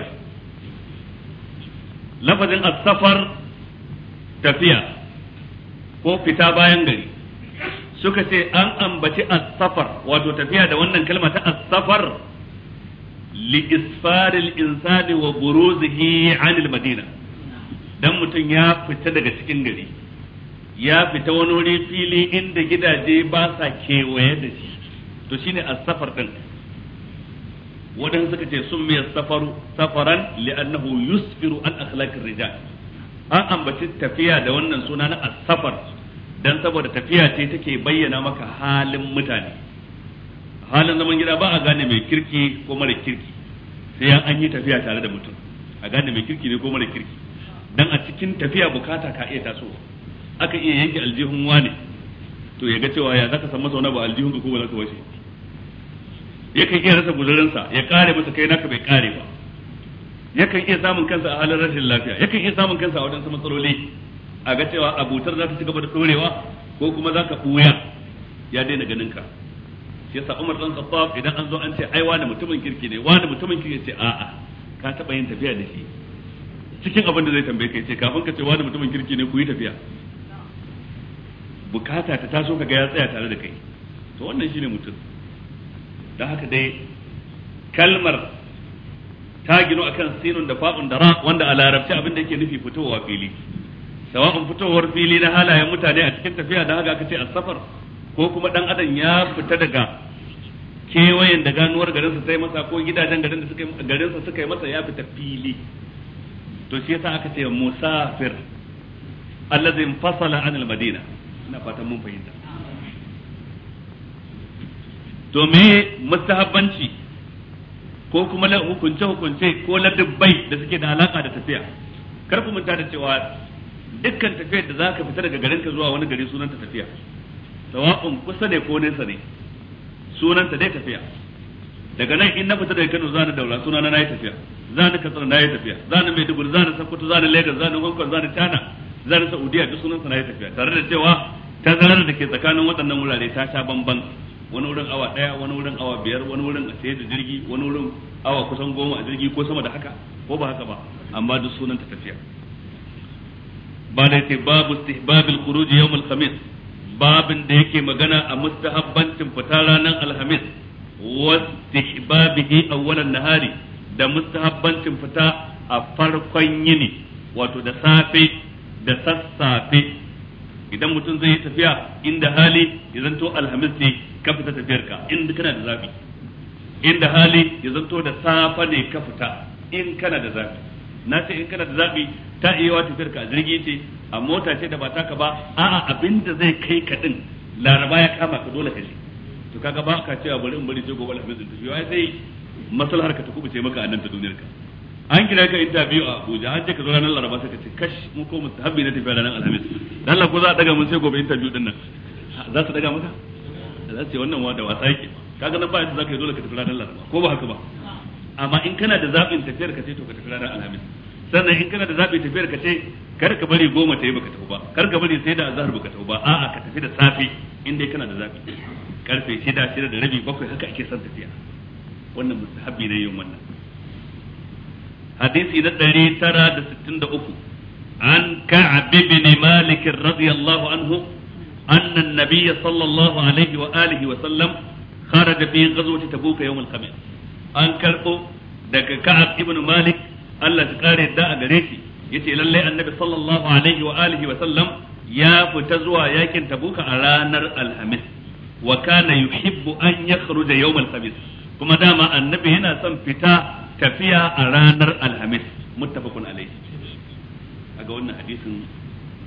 lafazin safar tafiya ko fita bayan gari suka ce an ambaci safar wato tafiya da wannan kalma ta safar li insani wa buruzihi anil madina dan mutum ya fita daga cikin gari ya fita wani wuri fili inda gidaje ba sa kewaye da shi to shine as-safar din wadanda suka ce sun mai safaru safaran li'annahu yusfiru an akhlaqir rijal an ambaci tafiya da wannan suna na as-safar dan saboda tafiya ce take bayyana maka halin mutane halin zaman gida ba a gane mai kirki ko mara kirki sai an yi tafiya tare da mutum a gane mai kirki ne ko mara kirki dan a cikin tafiya bukata ka iya tasowa aka iya yanke aljihun wane to ya ga cewa ya zaka san masa wani ba aljihun ka ko ba zaka ya kan iya rasa guzurinsa ya kare masa kai naka bai kare ba ya kan iya samun kansa a halin rashin lafiya ya kan iya samun kansa a wadansu matsaloli a ga cewa abutar za ta ci gaba da ɗorewa ko kuma za ka ɓuya ya daina ganin ka shi yasa Umar dan Khattab idan an zo an ce ai wani mutumin kirki ne wani mutumin kirki ce a a ka taba yin tafiya da shi cikin abin da zai tambaye kai ce kafin ka ce wani mutumin kirki ne ku yi tafiya bukata ta taso kaga ya tsaya tare da kai to wannan shine mutum don haka dai kalmar ta gino akan sinun da fa'un da ra wanda a larabci abin da yake nufi fitowa fili sawa'un fitowar fili na halayen mutane a cikin tafiya da haka aka ce safar ko kuma dan adam ya fita daga kewayen da ganuwar garinsa sai masa ko gidajen garin da suka garinsa suka yi masa ya fita fili to shi yasa aka ce musafir allazi fasala anil madina ina fatan mun fahimta to me mustahabbanci ko kuma la hukunce hukunce ko ladabbai da suke da alaka da tafiya kar mun manta da cewa dukkan tafiyar da zaka fita daga garinka zuwa wani gari ta tafiya sawa'un kusa ne ko nesa ne sunanta dai tafiya daga nan in na fita daga Kano zani daura sunana na yi tafiya ni Katsina na yi tafiya zani Maiduguri zani Sokoto ni Lagos zani Hong Kong zani China ni Saudiya duk sunan na yi tafiya tare da cewa tazarar da ke tsakanin waɗannan wurare ta sha bamban wani wurin awa ɗaya wani wurin awa biyar wani wurin a sayar da jirgi wani wurin awa kusan goma a jirgi ko sama da haka ko ba haka ba amma duk sunan ta tafiya ba da yake babu istihbabil khuruj yawm al-khamis babin da yake magana a mustahabbancin fita ranar alhamis wa istihbabihi awwalan nahari da mustahabbancin fita a farkon yini wato da safe da sassafe idan mutum zai yi tafiya inda hali ya zanto alhamis ne ka fita tafiyar ka in kana da zafi inda hali ya zanto da safa ne ka fita in kana da zafi na ce in kana da zafi ta iya wata tafiyar ka jirgi ce a mota ce da ba taka ba abin abinda zai kai ka din laraba ya kama ka dole ka je to kaga ba ka cewa bari in bari je gobe alhamis tafiya sai masalhar ka ta kubuce maka a nan ta duniyar ka an kira ka biyu a Abuja an ce ka zo ranar Laraba sai ka ce kash mu ko mustahabbi na tafiya ranar Alhamis dan Allah ko za a daga mun sai gobe interview din nan za su daga maka za su ce wannan wa da wasa yake kaga nan ba yadda zaka yi dole ka tafi ranar Laraba ko ba haka ba amma in kana da zaɓin tafiyar ka ce to ka tafi ranar Alhamis sannan in kana da zaɓin tafiyar ka ce kar ka bari goma ta yi baka tafi ba kar ka bari sai da azhar baka tafi ba a'a ka tafi da safe in dai kana da zaɓi karfe shida shida da rabi bakwai haka ake son tafiya wannan mustahabbi ne yin wannan hadisi na ɗari tara da sittin da uku an ka'ab bin radiyallahu anhu أن النبي صلى الله عليه وآله وسلم خرج في غزوة تبوك يوم الخميس an karɓo daga ka'ab ibn malik Allah ta kare da a gare shi yace lalle annabi sallallahu alaihi wa sallam ya fita zuwa yakin buka a ranar alhamis wa kana yuhibbu an yakhruja yawm kuma dama annabi yana son fita tafiya a ranar alhamis muttafaqun alaihi kaga wannan hadisin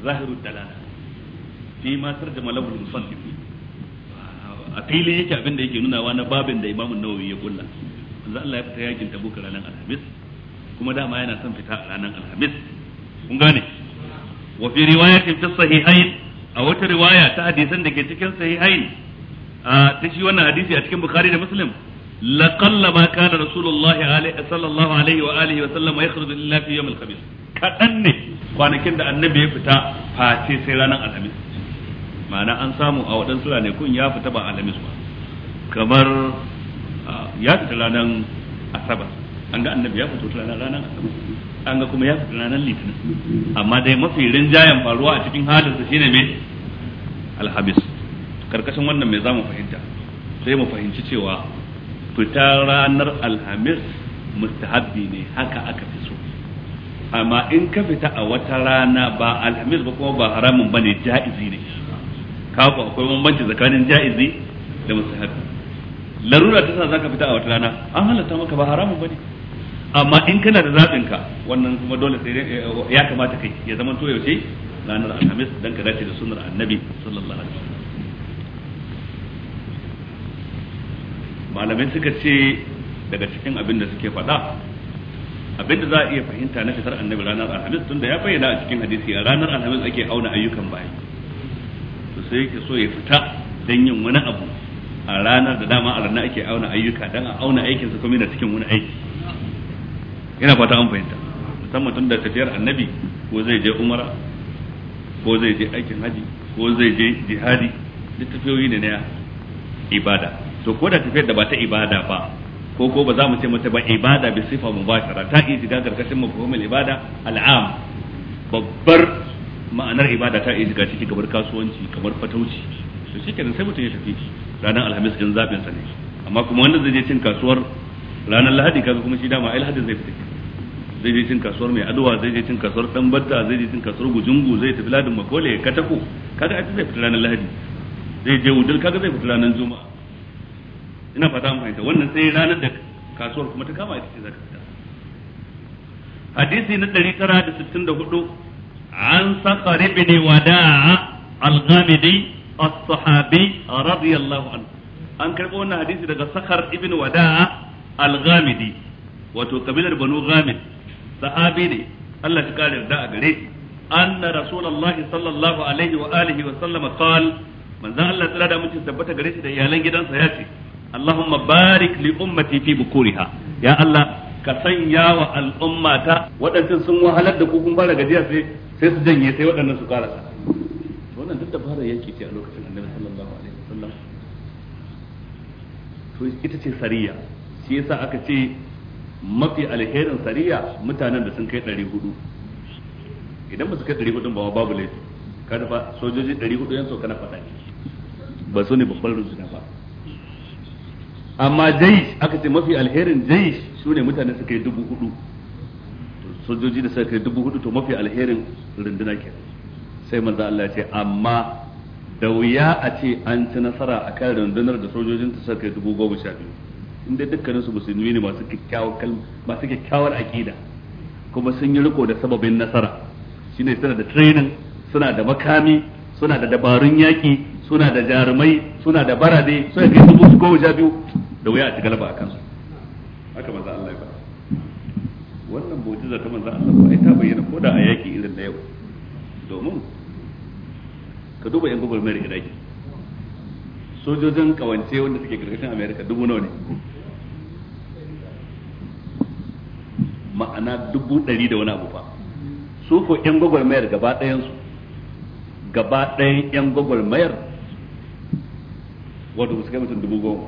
zahirul dalala fi ma tarjama lahu musannif a fili yake abin da yake nunawa na babin da imamun nawawi ya kulla manzo Allah ya fita yakin tabuk ranar alhamis kuma dama yana son fita a ranar alhamis kun gane wa fi riwayatin fi sahihain a wata riwaya ta hadisan da ke cikin sahihain a ta shi wannan hadisi a cikin bukhari da muslim laqalla ma kana rasulullahi alaihi sallallahu alaihi wa alihi wa sallam yakhruju illa fi yawm al-khamis kadan ne kwanakin da annabi ya fita face sai ranar alhamis ma'ana an samu a waɗansu ranakun ya fita ba alhamis ba kamar ya fita ranar asabar an ga annabi ya fito ranar ranar asabar an ga kuma ya fita ranar litinin amma dai mafi rinjayen faruwa a cikin halinsa shine mai alhamis karkashin wannan mai zamu fahimta sai mu fahimci cewa fita ranar alhamis mustahabbi ne haka aka fi so amma in ka fita a wata rana ba alhamis ba kuma ba haramun bane ja'izi ne kafa akwai bambanci tsakanin ja'izi da mustahabbi larura ta sa zaka fita a wata rana an halatta maka ba haramun bane amma in kana da zaɓin ka wannan kuma dole sai eh, ya kamata kai ya zama to yaushe ranar alhamis dan ka dace da sunnar annabi sallallahu alaihi wasallam malamai suka ce daga cikin abin da suke faɗa abin da za a iya fahimta na fitar annabi ranar alhamis tun da ya bayyana a cikin hadisi a ranar alhamis ake auna ayyukan bayi to sai yake so ya fita dan yin wani abu a ranar da dama a ranar ake auna ayyuka dan a auna aikin su kuma yana cikin wani aiki ina fata an fahimta musamman tun da tafiyar annabi ko zai je umara ko zai je aikin haji ko zai je jihadi duk tafiyoyi ne na ibada to ko da tafiyar da ba ta ibada ba ko ko ba za mu ce mata ba ibada bi sifa mubashara ta yi shiga karkashin mafhumul ibada al'am babbar ma'anar ibada ta yi shiga ciki kamar kasuwanci kamar fatauci to shi kenan sai mutum ya tafi ranar alhamis din zaɓin sa ne amma kuma wanda zai je cin kasuwar ranar lahadi kaga kuma shi dama ai zai fita zai je cin kasuwar mai adowa zai je cin kasuwar dan batta zai je cin kasuwar gujungu zai tafi ladin makole katako kaga ai zai fita ranar lahadi zai je wudul kaga zai fita ranar juma'a ina fata mu fahimta wannan sai ranar da kasuwar kuma ta kama ita ce za ta fita hadisi na 964 an saqar ibn da al-ghamidi as-sahabi radiyallahu anhu an karɓo wannan hadisi daga sakar ibn wada al-ghamidi wato kabilar banu ghamid sahabi ne Allah ya kare da a gare shi anna rasulullahi sallallahu alaihi wa alihi wa sallama qala manzan Allah tsira da mutum tabbata gare shi da iyalan gidansa ya Allahumma barik li ummati fi ya Allah ka sanya wa al'ummata waɗancan sun wahalar da ku kun fara gajiya sai su janye sai waɗannan su karasa wannan duk dabarar yake ce a lokacin annabi sallallahu alaihi wasallam to ita ce sariya shi yasa aka ce mafi alherin sariya mutanen da sun kai 400 idan ba su kai 400 ba babu laifi kada ba sojoji 400 yan so kana faɗa ba su ne babban rujuna ba amma jaysh aka ce mafi alherin su sune mutane suka yi dubu hudu sojoji da suka kai dubu hudu to mafi alherin runduna ke sai manzo Allah ya ce amma da wuya a ce an ci nasara a kan rundunar da sojojin ta suka kai dubu goma sha biyu inda dukkanin su musulmi ne masu kyakkyawar masu kyakkyawar aqida kuma sun yi riko da sababin nasara shine suna da training suna da makami suna da dabarun yaki suna da jarumai suna da barade suna kai dubu su goma sha biyu da wuya a ci galaba a kansu haka maza Allah ya fara wannan mu'jiza ta manzo Allah ai ta bayyana ko da a yaki irin na yau domin ka duba yan mai iraki sojojin kawance wanda suke karkashin america dubu nawa ne ma'ana dubu ɗari da wani abu fa su ko yan gwagwarmayar gaba su gaba ɗayan yan mayar. wato su kai mutum dubu goma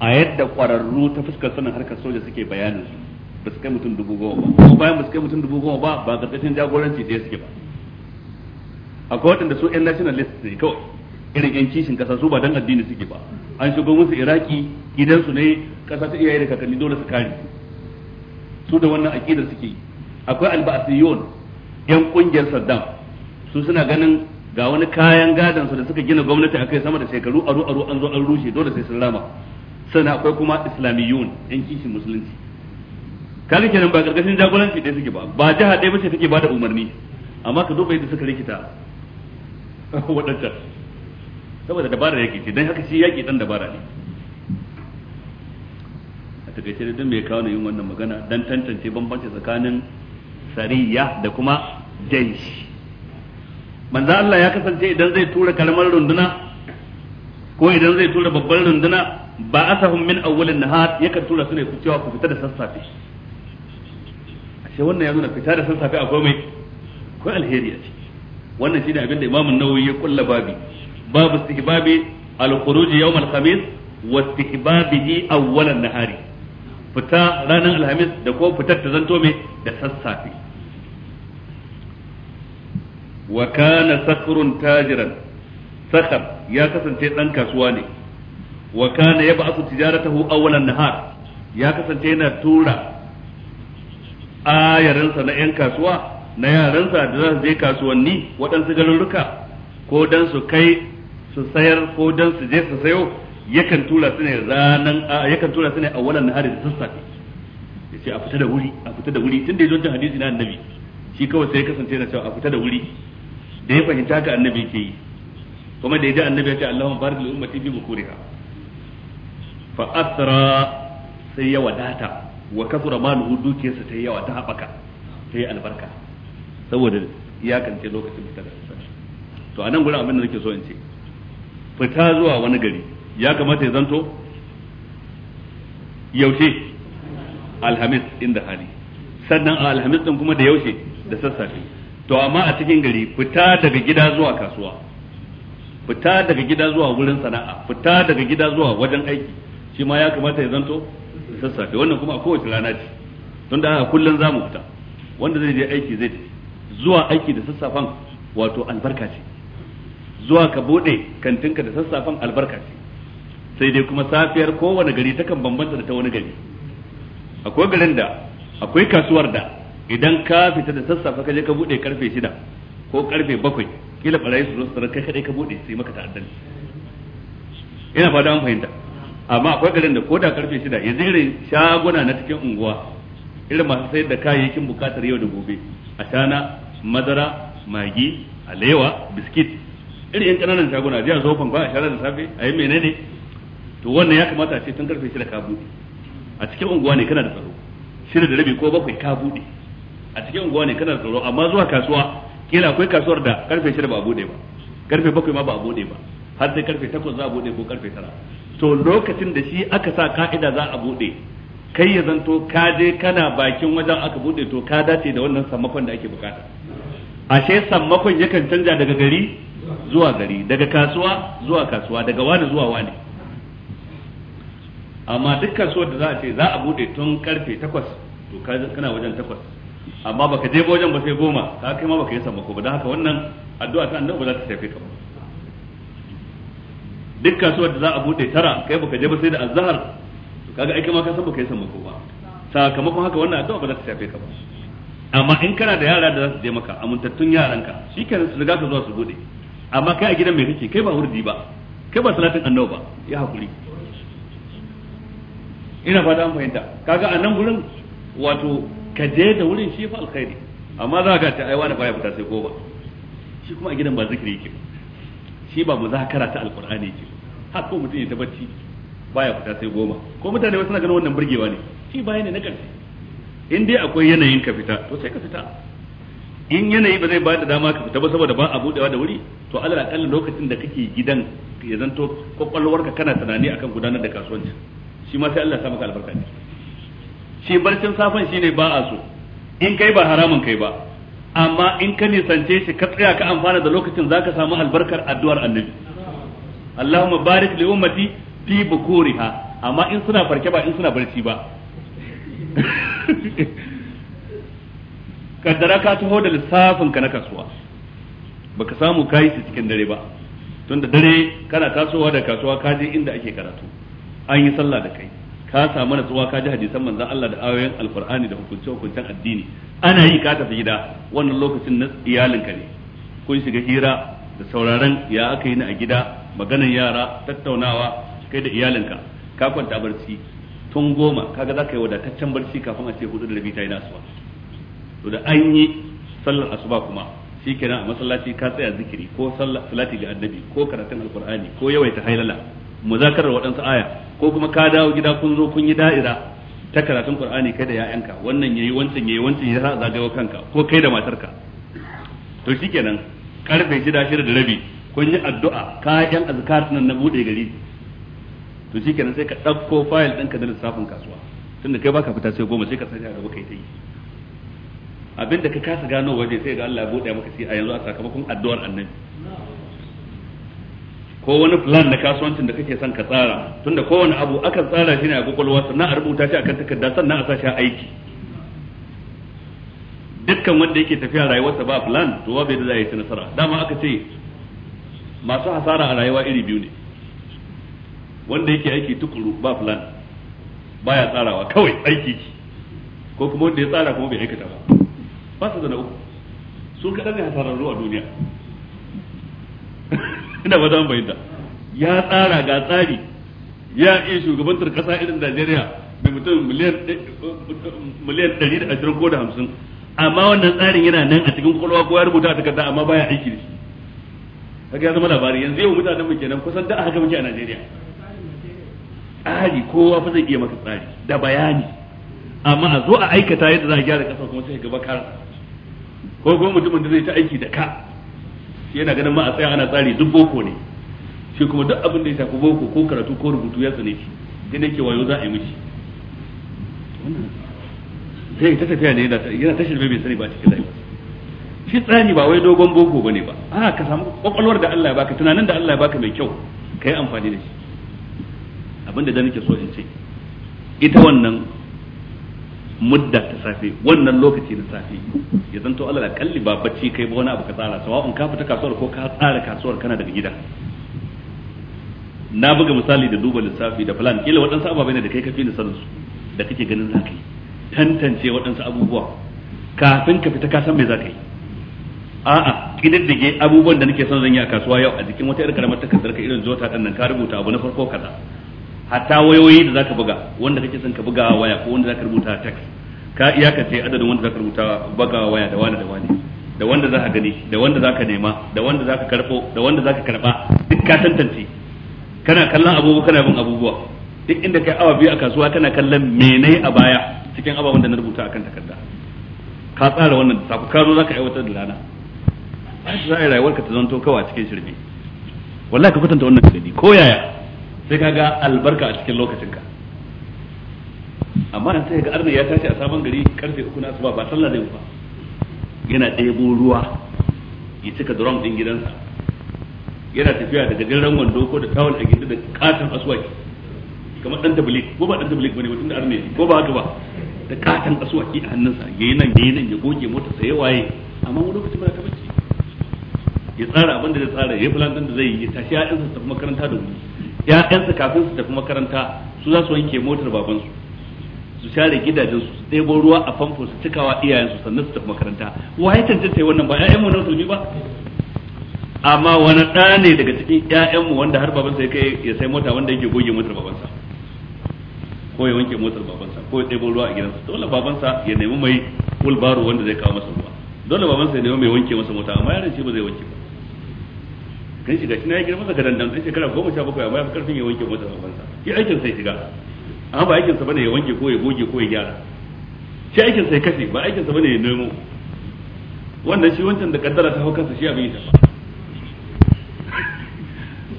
a yadda kwararru ta fuskar sanin harkar soja suke bayanin su ba su kai mutum dubu goma ba ko bayan ba su kai mutum dubu goma ba ba karkashin jagoranci sai suke ba akwai waɗanda su 'yan nationalist ne kawai irin 'yan kishin kasa su ba dan addini suke ba an shigo musu iraki su ne kasa ta iyaye da kakanni dole su kare su da wannan aƙidar suke akwai alba'asiyon 'yan ƙungiyar saddam su suna ganin ga wani kayan gadon su da suka gina gwamnati akai sama da shekaru aro aro an zo an rushe dole sai sun rama sannan akwai kuma islamiyun yan kishin musulunci kaga kenan ba gargashin jagoranci ɗaya suke ba ba jiha ɗaya ce take bada umarni amma ka duba yadda suka rikita [laughs] waɗancan saboda dabara yake ce dan haka shi yaƙi ɗan dabara ne a takaice da don mai kawo yin wannan magana dan tantance bambanci tsakanin sariya da kuma jaishi manzo Allah ya kasance idan zai tura karamar runduna ko idan zai tura babbar runduna ba asahum min awwalin nahar yakan tura su ne su cewa ku fita da sassafe ashe wannan ya nuna fita da sassafe a gome ko alheri a ce wannan shine abin da Imam Nawawi ya kulla babi babu istihbabi al-khuruj yawm al-khamis wa istihbabihi awwalan nahari fita ranar alhamis da ko fitar ta zanto me da sassafe wa kana sakrun tajiran sakar ya kasance dan kasuwa ne wa kana yab'athu tijaratahu awwalan nahar ya kasance yana tura ayaransa na yan kasuwa na yaransa da za su je kasuwanni waɗansu garuruka ko dan su kai su sayar ko dan su je su sayo yakan tura su ne ranan yakan tura su ne awwalan nahar da sassafe yace a fita da wuri a fita da wuri tunda yazo jin hadisi na annabi shi kawai sai ya kasance na cewa a fita da wuri da ya fahimta ka annabi ke yi kuma da ya ji annabi ya ce Allahumma barik lil ummati bi bukuriha fa asra sai ya wadata wa kasura maluhu dukiyarsa ta yawa ta haɓaka sai yi albarka saboda ya kance lokacin fita da to a nan gurin abin da nake so in ce fita zuwa wani gari ya kamata ya zanto yaushe alhamis inda hali sannan alhamis din kuma da yaushe da sassafe to amma a cikin gari fita daga gida zuwa kasuwa fita daga gida zuwa wurin sana'a fita daga gida zuwa wajen aiki shi ma ya kamata ya zanto sassafe wannan kuma a kowace rana ce don da haka kullum za mu fita wanda zai je aiki zai tafi zuwa aiki da sassafen wato albarka ce zuwa ka bude kantinka da sassafen albarka ce sai dai kuma safiyar kowane gari takan bambanta da ta wani gari akwai garin da akwai kasuwar da idan ka fita da sassafe ka je ka bude karfe shida ko karfe bakwai kila barayi su zo su kai kadai ka bude sai maka ta'addali ina fada an fahimta amma akwai garin da koda karfe shida yanzu irin shaguna na cikin unguwa irin masu sayar da kayayyakin bukatar yau da gobe a shana madara magi alewa biskit irin yan kananan shaguna jiya zo fanfa a shara da safe a yi menene to wannan ya kamata a ce tun karfe shida ka bude a cikin unguwa ne kana da tsaro shida da rabi ko bakwai ka bude a cikin unguwa ne kana tsoro amma zuwa kasuwa kila akwai kasuwar da karfe shida ba a bude ba karfe bakwai ma ba a bude ba har sai karfe takwas za a bude ko karfe tara to lokacin da shi aka sa ka'ida za a bude kai ya zanto ka je kana bakin wajen aka bude to ka dace da wannan sammakon da ake bukata ashe sammakon yakan canja daga gari zuwa gari daga kasuwa zuwa kasuwa daga wani zuwa wani amma duk kasuwar da za a ce za a bude tun karfe takwas to kana wajen takwas amma baka je wajen ba sai goma ka kai ma baka yi sammako ba don haka wannan addu'a ta annabi ba za ta shafe ka ba duk kasuwar da za a bude tara kai baka je ba sai da azhar to kaga ai ma ka san baka yi sammako ba sakamakon haka wannan addu'a ba za ta shafe ka ba amma in kana da yara da za su je maka amintattun yaranka shikenan su riga ka zuwa su bude amma kai a gidan mai kake kai ba wurdi ba kai ba salatin annabi ba ya hakuri ina fata an fahimta kaga a nan gurin wato ka je da wurin shi fa alkhairi amma za ka ta ai wani baya fita sai goma shi kuma a gidan ba zikiri yake shi ba muzakara ta alqur'ani yake har ko mutum ya ta bacci baya fita sai goma ko mutane wasu na ganin wannan burgewa ne shi baya ne na karshe in dai akwai yanayin ka fita to sai ka fita in yanayi ba zai bada dama ka fita ba saboda ba a budewa da wuri to alal akalla lokacin da kake gidan ya zanto kwakwalwarka kana tunani akan gudanar da kasuwanci shi ma sai Allah ya sa maka albarka ne shi barcin safan shine ba a so in kai ba haramun kai ba amma in ka nisance shi ka tsaya ka amfana da lokacin zaka samu albarkar addu'ar annabi Allahumma barik li ummati fi bukuriha amma in suna farke ba in suna barci ba kaddara ka taho da lissafin ka na kasuwa baka samu kayi shi cikin dare ba Tunda dare kana tasowa da kasuwa ka inda ake karatu an yi sallah da kai ka samu natsuwa ka ji hadisan manzon Allah da ayoyin alqur'ani da hukunce hukuncen addini ana yi ka tafi gida wannan lokacin na iyalinka ne kun shiga hira da sauraron ya aka yi ni a gida maganan yara tattaunawa kai da iyalinka ka kwanta barci tun goma kaga za ka yi wadataccen barci kafin a ce hudu da rabi ta yi nasuwa to da an yi sallar asuba kuma kenan a masallaci ka tsaya zikiri ko sallar salati ga annabi ko karatun alkur'ani ko yawaita hailala muzakarar waɗansu aya ko kuma ka dawo gida kun zo kun yi da'ira ta karatun qur'ani kai da ya'yanka wannan yayi wancan yayi wancan ya sa ga kanka ko kai da matarka to shikenan karfe shida shida da rabi kun yi addu'a ka yan azkar nan na bude gari to shikenan sai ka ɗauko fayil ɗinka da lissafin kasuwa tunda kai baka fita sai goma sai ka sanya da kai ta yi abinda ka kasa gano waje sai ga Allah ya bude maka shi a yanzu a sakamakon addu'ar annabi ko wani plan na kasuwancin da kake son ka tsara tunda kowane abu akan tsara shi ne a kwakwalwa sannan a rubuta shi akan takarda sannan a sa shi aiki dukkan wanda yake tafiya rayuwarsa ba plan to wa bai da zai yi nasara dama aka ce masu hasara a rayuwa iri biyu ne wanda yake aiki tukuru ba plan baya tsarawa kawai aiki ko kuma wanda ya tsara kuma bai aikata ba ba su da na uku su kaɗan ne hasararru a duniya [laughs] ina ba za mu bayyana ya tsara ga tsari ya iya shugabantar kasa irin Najeriya da mutum miliyan 120 ko da 50 amma wannan tsarin yana nan a cikin kwalwa ko ya rubuta a takarda amma baya aiki da shi kaga ya zama labari yanzu yau mutanen mu kenan kusan da aka muke a Najeriya tsari kowa fa zai iya maka tsari da bayani amma a zo a aikata yadda za a gyara kasa kuma sai gaba kar ko kuma mutumin da zai ta aiki da ka shi yana ganin ma a tsaya ana tsari duk boko ne shi kuma duk abin da ya shafi boko ko karatu ko rubutu ya tsane shi sai yake wayo za a yi mishi zai ta tafiya ne yana ta shirme bai sani ba cikin rayuwa shi tsari ba wai dogon boko bane ba a ka samu kwakwalwar da Allah ya baka tunanin da Allah ya baka mai kyau ka yi amfani da shi abin da nake so in ce ita wannan mudda ta safe wannan lokaci na safe ya zanto da akalli ba bacci kai ba wani abu ka tsara sawa'un ka fita kasuwar ko ka tsara kasuwar kana daga gida na buga misali da duba lissafi da plan kila waɗansu ababai ne da kai kafi nisan su da kake ganin za ka yi tantance waɗansu abubuwa kafin ka fita ka san me za ka yi a'a kididdige abubuwan da nake son zan yi a kasuwa yau a jikin wata irin karamar takardar ka irin jota ɗan nan ka rubuta abu na farko kaza hatta wayoyi da zaka buga wanda kake son ka buga waya ko wanda zaka rubuta text ka iyakance adadin wanda zaka rubuta buga waya da wani da wani da wanda zaka gani da wanda zaka nema da wanda zaka karbo da wanda zaka karba duk ka tantance kana kallon abubuwa kana bin abubuwa duk inda kai awa biyu a kasuwa kana kallon menai a baya cikin ababen da na rubuta akan takarda ka tsara wannan da safu ka zo zaka aiwatar da rana ai za a yi rayuwarka ta zanto kawai cikin shirme wallahi ka kwatanta wannan gani ko yaya sai ga albarka a cikin lokacinka amma sai ga arna ya tashi a sabon gari karfe uku na asuba ba sallah da ba yana ɗebo ruwa ya cika drum din gidansa yana tafiya daga jirgin wando ko da tawul a gindi da katon aswaki kamar dan tablik ko ba dan ba bane mutum da arne ko ba haka ba da katon aswaki a hannunsa yayi nan yayi nan ya goge mota sai waye amma wani lokaci ba ta bacci ya tsara abin da zai tsara ya plan din da zai yi ya tashi ya ɗan tafi makaranta da wuri ‘ya’yansu kafin su tafi makaranta su za su wanke motar babansu su share gidajen su ɗebo ruwa a famfo su cikawa iyayensu sannan su tafi makaranta wa ya tantance wannan ba ‘ya’yan mu na musulmi ba amma wani ɗa ne daga cikin ‘ya’yan mu wanda har babansa ya kai ya sai mota wanda yake goge motar babansa ko ya wanke motar babansa ko ya ɗebo ruwa a gidansa dole babansa ya nemi mai wulbaro wanda zai kawo masa ruwa dole babansa ya nemi mai wanke masa mota amma yaran shi ba zai wanke ba dan shiga shi na ya girma saka dandan dan shekara goma sha bakwai amma ya fi karfin ya wanke motar babansa shi aikin sai shiga amma ba aikin sa bane ya wanke ko ya goge ko ya gyara shi aikin sai kashe ba aikin sa bane ya nemo wannan shi wancan da kaddara ta hau kansa shi abin ya shafa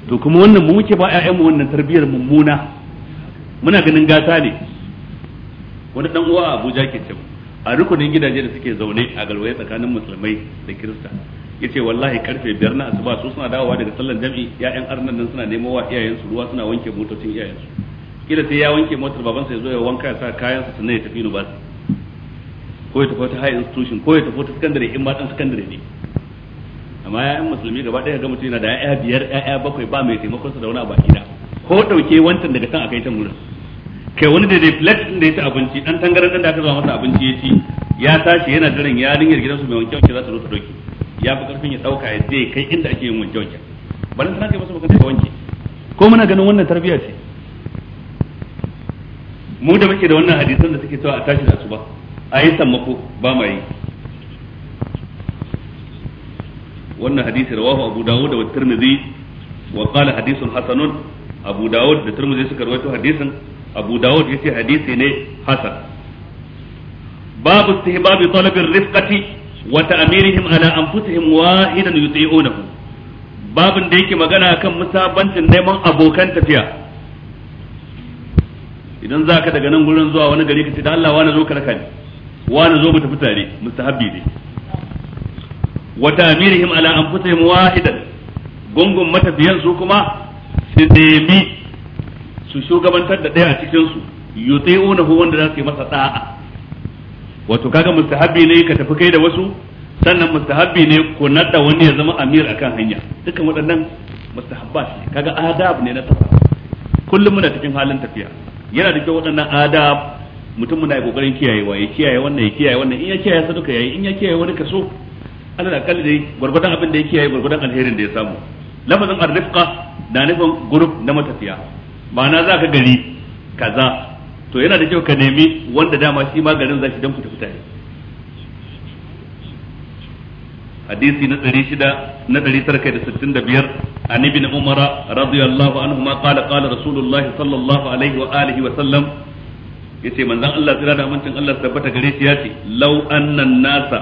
to kuma wannan mu muke ba ƴaƴanmu wannan tarbiyyar mummuna muna ganin gata ne wani dan uwa a Abuja ke cewa a rukunin gidaje da suke zaune a galwaye tsakanin musulmai da kirista yace wallahi karfe biyar na asuba su suna dawowa daga sallan jami'i ya'yan arnan nan suna nemo wa iyayensu ruwa suna wanke motocin iyayensu kila sai ya wanke motar babansa ya zo ya wanka ya sa kayan sa sannan ya tafi ni ba ko ya tafi ta high institution ko ya tafi ta secondary in ma dan secondary ne amma ya'yan musulmi gaba ɗaya ga mutum yana da ya'ya biyar ya'ya bakwai ba mai taimakon sa da wani abu a ko dauke wancan daga kan akai ta gurin kai wani da dai plate din da ya ci abinci dan tangaran dan da aka zama masa abinci ya ci ya tashi yana jiran yarinyar gidansu mai wanke wanke za ta zo ta dauke ya fi karfin ya dauka ya je kai inda ake yin wanke wanke bari sana kai masa magana ka wanke ko muna ganin wannan tarbiyya ce mu da muke da wannan hadisan da suke cewa a tashi da su ba a yi sammako ba ma yi wannan hadisi rawahu abu dawud da tirmidhi wa qala hadithun hasanun abu dawud da tirmidhi suka rawaito hadisin abu dawud yace hadisi ne hasan babu istihbabi talab ar-rifqati wa ta'mirihim ala anfusihim wahidan yuti'unahu babin da yake magana kan musabancin neman abokan tafiya idan za ka daga nan gurin zuwa wani gari ka ce da Allah wani zo ka raka ni wani zo mu tafi tare mustahabbi ne wa ta'mirihim ala anfusihim idan gungun matafiyan su kuma su nemi su shugabantar da ɗaya a cikin su yuti'unahu wanda za su yi masa da'a wato kaga mustahabi ne ka tafi kai da wasu sannan mustahabi ne ko nada wani ya zama amir akan hanya dukkan waɗannan mustahabba ne kaga adab ne na tafiya kullum muna cikin halin tafiya yana da kyau waɗannan adab mutum muna kokarin kiyayewa ya kiyaye wannan ya kiyaye wannan in ya kiyaye sa duka yayi in ya kiyaye wani kaso da kalli dai gurgurdan abin da ya kiyaye gurgurdan alherin da ya samu lafazin arrifqa na nufin group na matafiya ma'ana zaka gari kaza to yana da kyau ka nemi wanda dama shi maganin za shi don fita fita ne hadisi na na an ibn umara radiyallahu anhu ma qala qala rasulullah sallallahu alaihi wa alihi wa sallam yace manzon Allah tsira da amincin Allah tabbata gare shi yace law anna nasa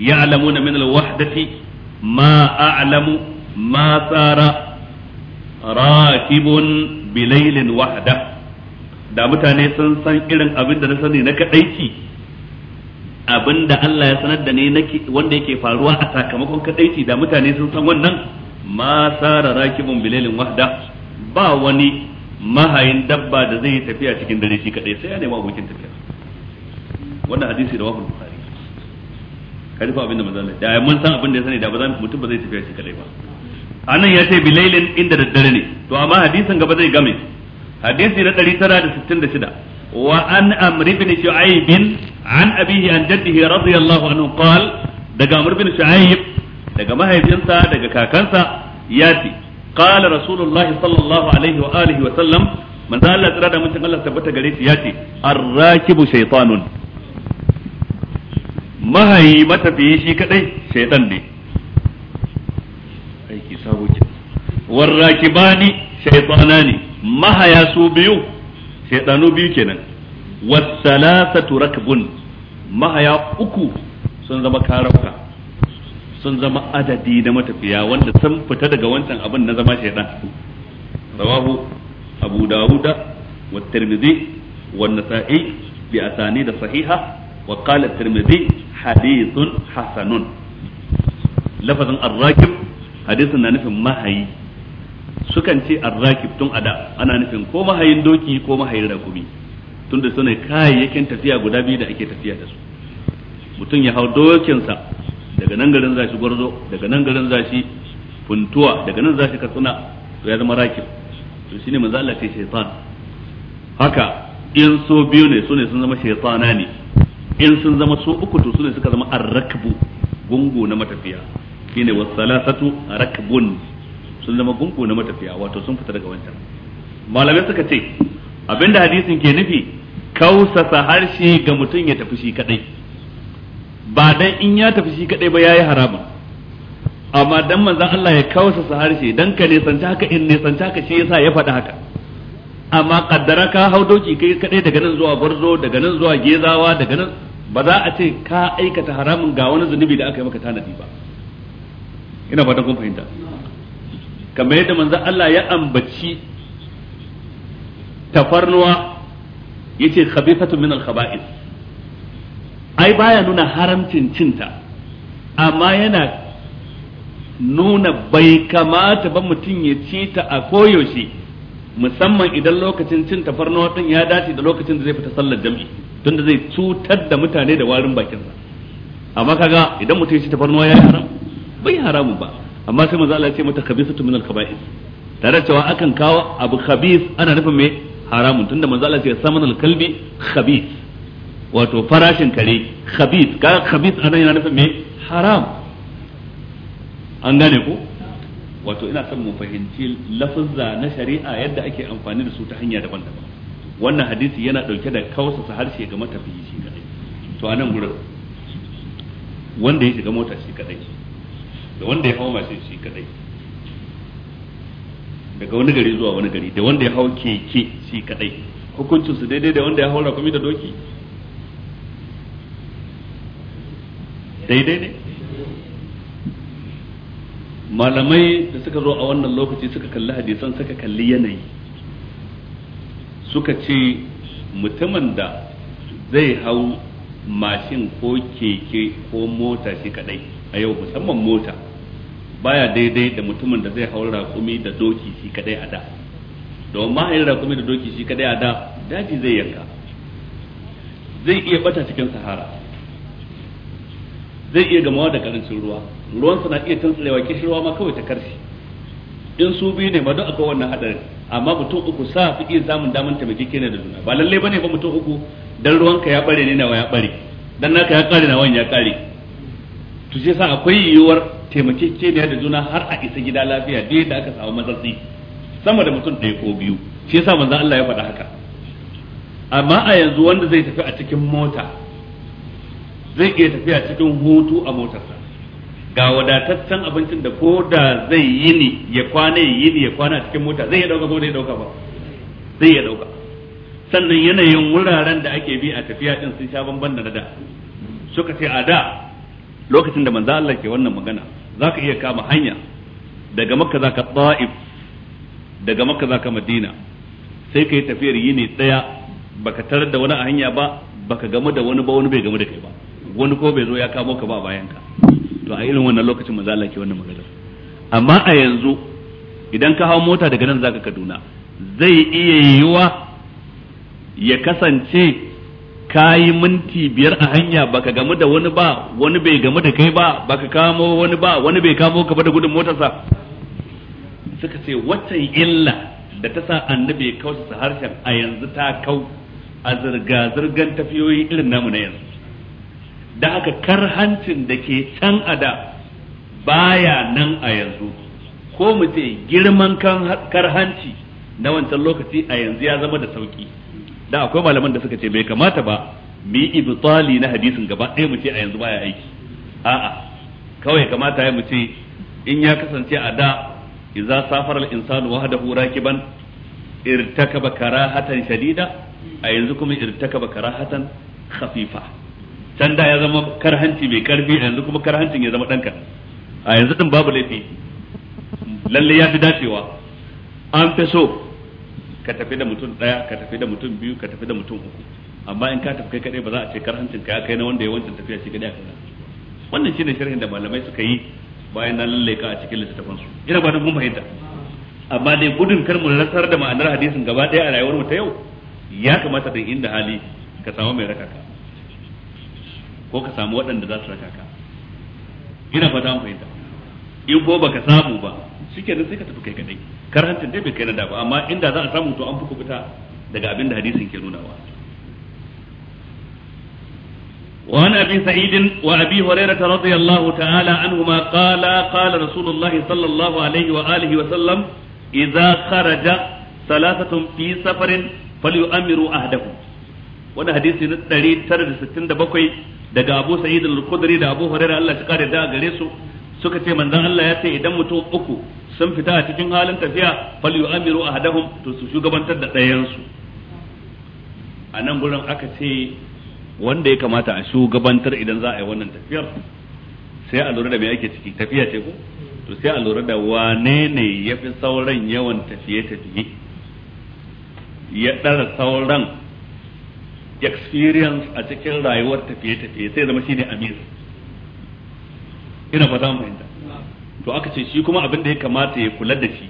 ya'lamuna min al-wahdati ma a'lamu ma rakibun bilailin wahda da mutane sun san irin abin da na sani na ci abin da Allah ya sanar da ni wanda yake faruwa a sakamakon ci da mutane sun san wannan ma sara rakibun bilalin wahda ba wani mahayin dabba da zai tafiya cikin dare shi kadai sai ya nema abokin tafiya wannan hadisi da wahun bukhari kalifa abin da mazalai da mun san abin da ya sani da ba za mutum ba zai tafiya shi kadai ba anan ya ce bilalin inda daddare ne to amma hadisin gaba zai game hadisi na 966 wa an amr ibn shu'aib an abihi an jaddihi radiyallahu anhu qal daga amr ibn shu'aib daga mahaifinsa daga kakansa ya ce qala rasulullahi wa alihi wa sallam manzo Allah tsira da mutum Allah tabbata gare shi ya ce arrakibu shaytanun shi kadai shaytan ne aiki sabo ke warrakibani mahaya su biyu shaidanu biyu kenan wasalasatu rakbun mahaya uku sun zama karauka sun zama adadi na matafiya wanda sun fita daga wancan abin na zama shaidan rawahu abu dawuda wa tirmidhi wa nasa'i bi asani da sahiha wa qala tirmidhi hadithun hasanun lafazin ar-rakib hadithun na nufin mahayi sukan ce arrakib tun ada ana nufin ko mahayin doki ko mahayin rakumi tunda sune kayayyakin tafiya guda biyu da ake tafiya da su mutum ya hau dokinsa daga nan garin zashi gwarzo daga nan garin zashi funtuwa daga nan zashi katsuna to ya zama rakib to shine manzo Allah ce shaytan haka in so biyu ne sune sun zama shaytana ne in sun zama so uku to sune suka zama arrakbu gungu na matafiya shine wasalasatu rakbun sun zama gungu na matafiya wato sun fita daga wancan malamai suka ce abinda hadisin ke nufi kausasa harshe ga mutum ya tafi shi kadai ba dan in ya tafi shi kadai ba yayi haramun amma dan manzon Allah ya kausasa harshe dan ka ne haka in ne haka shi yasa ya faɗi haka amma kaddara ka hau doki kai kadai daga nan zuwa barzo daga nan zuwa gezawa daga nan ba za a ce ka aikata haramun ga wani zunubi da aka yi maka tanadi ba ina fatan kun fahimta kamar yadda manzon Allah ya ambaci tafarnuwa yace khabithatu min al khabais ai baya nuna haramcin cinta amma yana nuna bai kamata ba mutum ya ci ta a koyaushe musamman idan lokacin cin tafarnuwa din ya dace da lokacin da zai fita sallar tun tunda zai cutar da mutane da warin bakinsa amma kaga idan mutum ya ci tafarnuwa ya haram bai haramu ba amma sai manzo Allah ya ce mata khabithatu min al-khaba'ith tare cewa akan kawo abu khabith ana nufin me haramun tunda manzo Allah ya ce al kalbi khabith wato farashin kare khabith ga khabith ana yana nufin me haram an gane ko wato ina son mu fahimci lafazza na shari'a yadda ake amfani da su ta hanya daban-daban wannan hadisi yana dauke da sa harshe ga matafiyi shi kadai to anan gurin wanda ya shiga mota shi kadai da wanda ya hau mashin shi kadai daga wani gari zuwa wani gari da wanda ya hau keke shi kadai hukuncin su daidai da wanda ya hau rakumi da doki daidai ne malamai da suka zo a wannan lokaci suka kalli hadisan suka kalli yanayi suka ce mutumin da zai hau mashin ko keke ko mota shi kadai a yau musamman mota baya daidai da mutumin da zai hau rakumi da doki shi kadai a da domin ma yin rakumi da doki shi kadai a da daji zai yanka zai iya bata cikin sahara zai iya gamawa da karancin ruwa ruwansa na iya tantsarewa kishirwa ma kawai ta karshe in su biyu ne ma duk akwai wannan hadarin amma mutum uku sa fi iya samun damar taimaki ne da juna ba lallai bane ba mutum uku dan ruwanka ya bare ne nawa ya bare dan naka ya kare nawa ya kare to shi yasa akwai yiwuwar taimakekeniya da juna har a isa gida lafiya da yadda aka samu matsatsi sama da mutum ɗaya ko biyu shi yasa manzo Allah ya faɗa haka amma a yanzu wanda zai tafi a cikin mota zai iya tafiya cikin hutu a motarsa ga wadataccen abincin da ko da zai yi ni ya kwana ya yi ni ya kwana cikin mota zai ya dauka ko zai dauka ba zai ya dauka sannan yanayin wuraren da ake bi a tafiya din sun sha bamban da da suka ce a da lokacin da manzo Allah ke wannan magana zaka iya kama hanya daga makka zaka ta'if daga makka zaka madina sai kai tafiyar yini daya baka tarar da wani a hanya ba baka gamu da wani ba wani bai gamu da kai ba wani ko bai zo ya kamo ka ba bayan ka to a irin wannan lokacin manzo Allah ke wannan magana amma a yanzu idan ka hawo mota daga nan zaka Kaduna zai iya yiwa ya kasance ka yi minti biyar a hanya baka gamu da wani ba wani bai gamu da kai ba baka kamo wani ba wani bai kamo ka ba da gudun motarsa suka ce watan illa da ta sa annabi ya kawo su harshen a yanzu ta kau a zirga-zirgan tafiyoyi irin namu na yanzu da haka karhancin da ke can a da baya nan a yanzu ko mu ce girman karhanci na wancan lokaci a yanzu ya zama da sauki da akwai malaman da suka ce bai kamata ba mu yi ibtali na hadisin gaba ɗaya mu ce a yanzu baya aiki a'a kawai kamata ya mu ce in ya kasance a da idza safara al-insanu wahdahu rakiban irtakaba karahatan shadida a yanzu kuma irtakaba karahatan khafifa can da ya zama karhanci mai karfi a yanzu kuma karhancin ya zama danka a yanzu din babu laifi lalle ya fi dacewa an fi so ka tafi da mutum daya ka tafi da mutum biyu ka tafi da mutum uku amma in ka tafi kai kadai ba za a ce hancin ka ya kai na wanda ya wancan tafiya shi kadai kaza wannan shine sharhin da malamai suka yi bayan na lalle ka a cikin littattafan su ina ba da mun fahimta amma dai gudun kar mu rasar da ma'anar hadisin gaba daya a rayuwar mu ta yau ya kamata da inda hali ka samu mai raka ka ko ka samu waɗanda za su raka ka ina fata mun fahimta in ko baka samu ba shike sai ka tafi kai kadai karhancin dai bai kai na da ba amma inda za a samu to an fi kubuta daga abin da hadisin ke nunawa وعن ابي سعيد وابي هريره رضي الله تعالى عنهما قال قال رسول الله صلى الله عليه واله وسلم اذا خرج ثلاثه في سفر فليؤمروا احدهم وانا حديث 967 daga Abu Sa'id al-Khudri da Abu Hurairah Allah ya kare da gare su suka ce manzon Allah ya ce idan mutum uku sun fita a cikin halin tafiya fal yu'amiru ahadahum to su shugabantar da ɗayan su a nan gurin aka ce wanda ya kamata a shugabantar idan za a yi wannan tafiyar sai a lura da me ake ciki tafiya ce ko to sai a lura da wane ne ya sauran yawan tafiye-tafiye ya ɗara sauran experience a cikin rayuwar tafiye-tafiye sai zama shine amir ina ba za mu fahimta to aka ce shi kuma abin da ya kamata ya kula da shi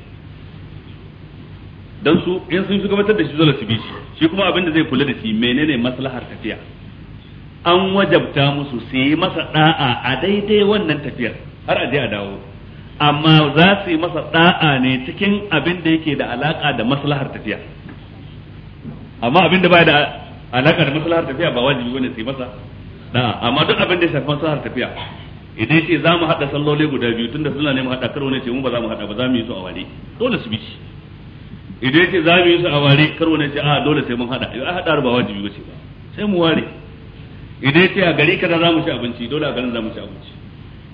dan su in sun shugabantar da shi dole su bi shi shi kuma abin da zai kula da shi menene maslahar tafiya an wajabta musu su yi masa da'a a daidai wannan tafiyar har a je a dawo amma za su yi masa da'a ne cikin abin da yake da alaka da maslahar tafiya amma abin da baya da alaka da maslahar tafiya ba wajibi bane su yi masa da'a amma duk abin da ya shafi maslahar tafiya idan ce za mu haɗa salloli guda biyu tunda suna ne mu haɗa karo ne ce mu ba za mu haɗa ba za mu yi su a ware dole su bi shi idan ce za mu yi su a ware karo ne ce a dole sai mun haɗa a haɗa ba wajibi ba ce ba sai mu ware idan ce a gari kaza za mu ci abinci dole a garin za mu ci abinci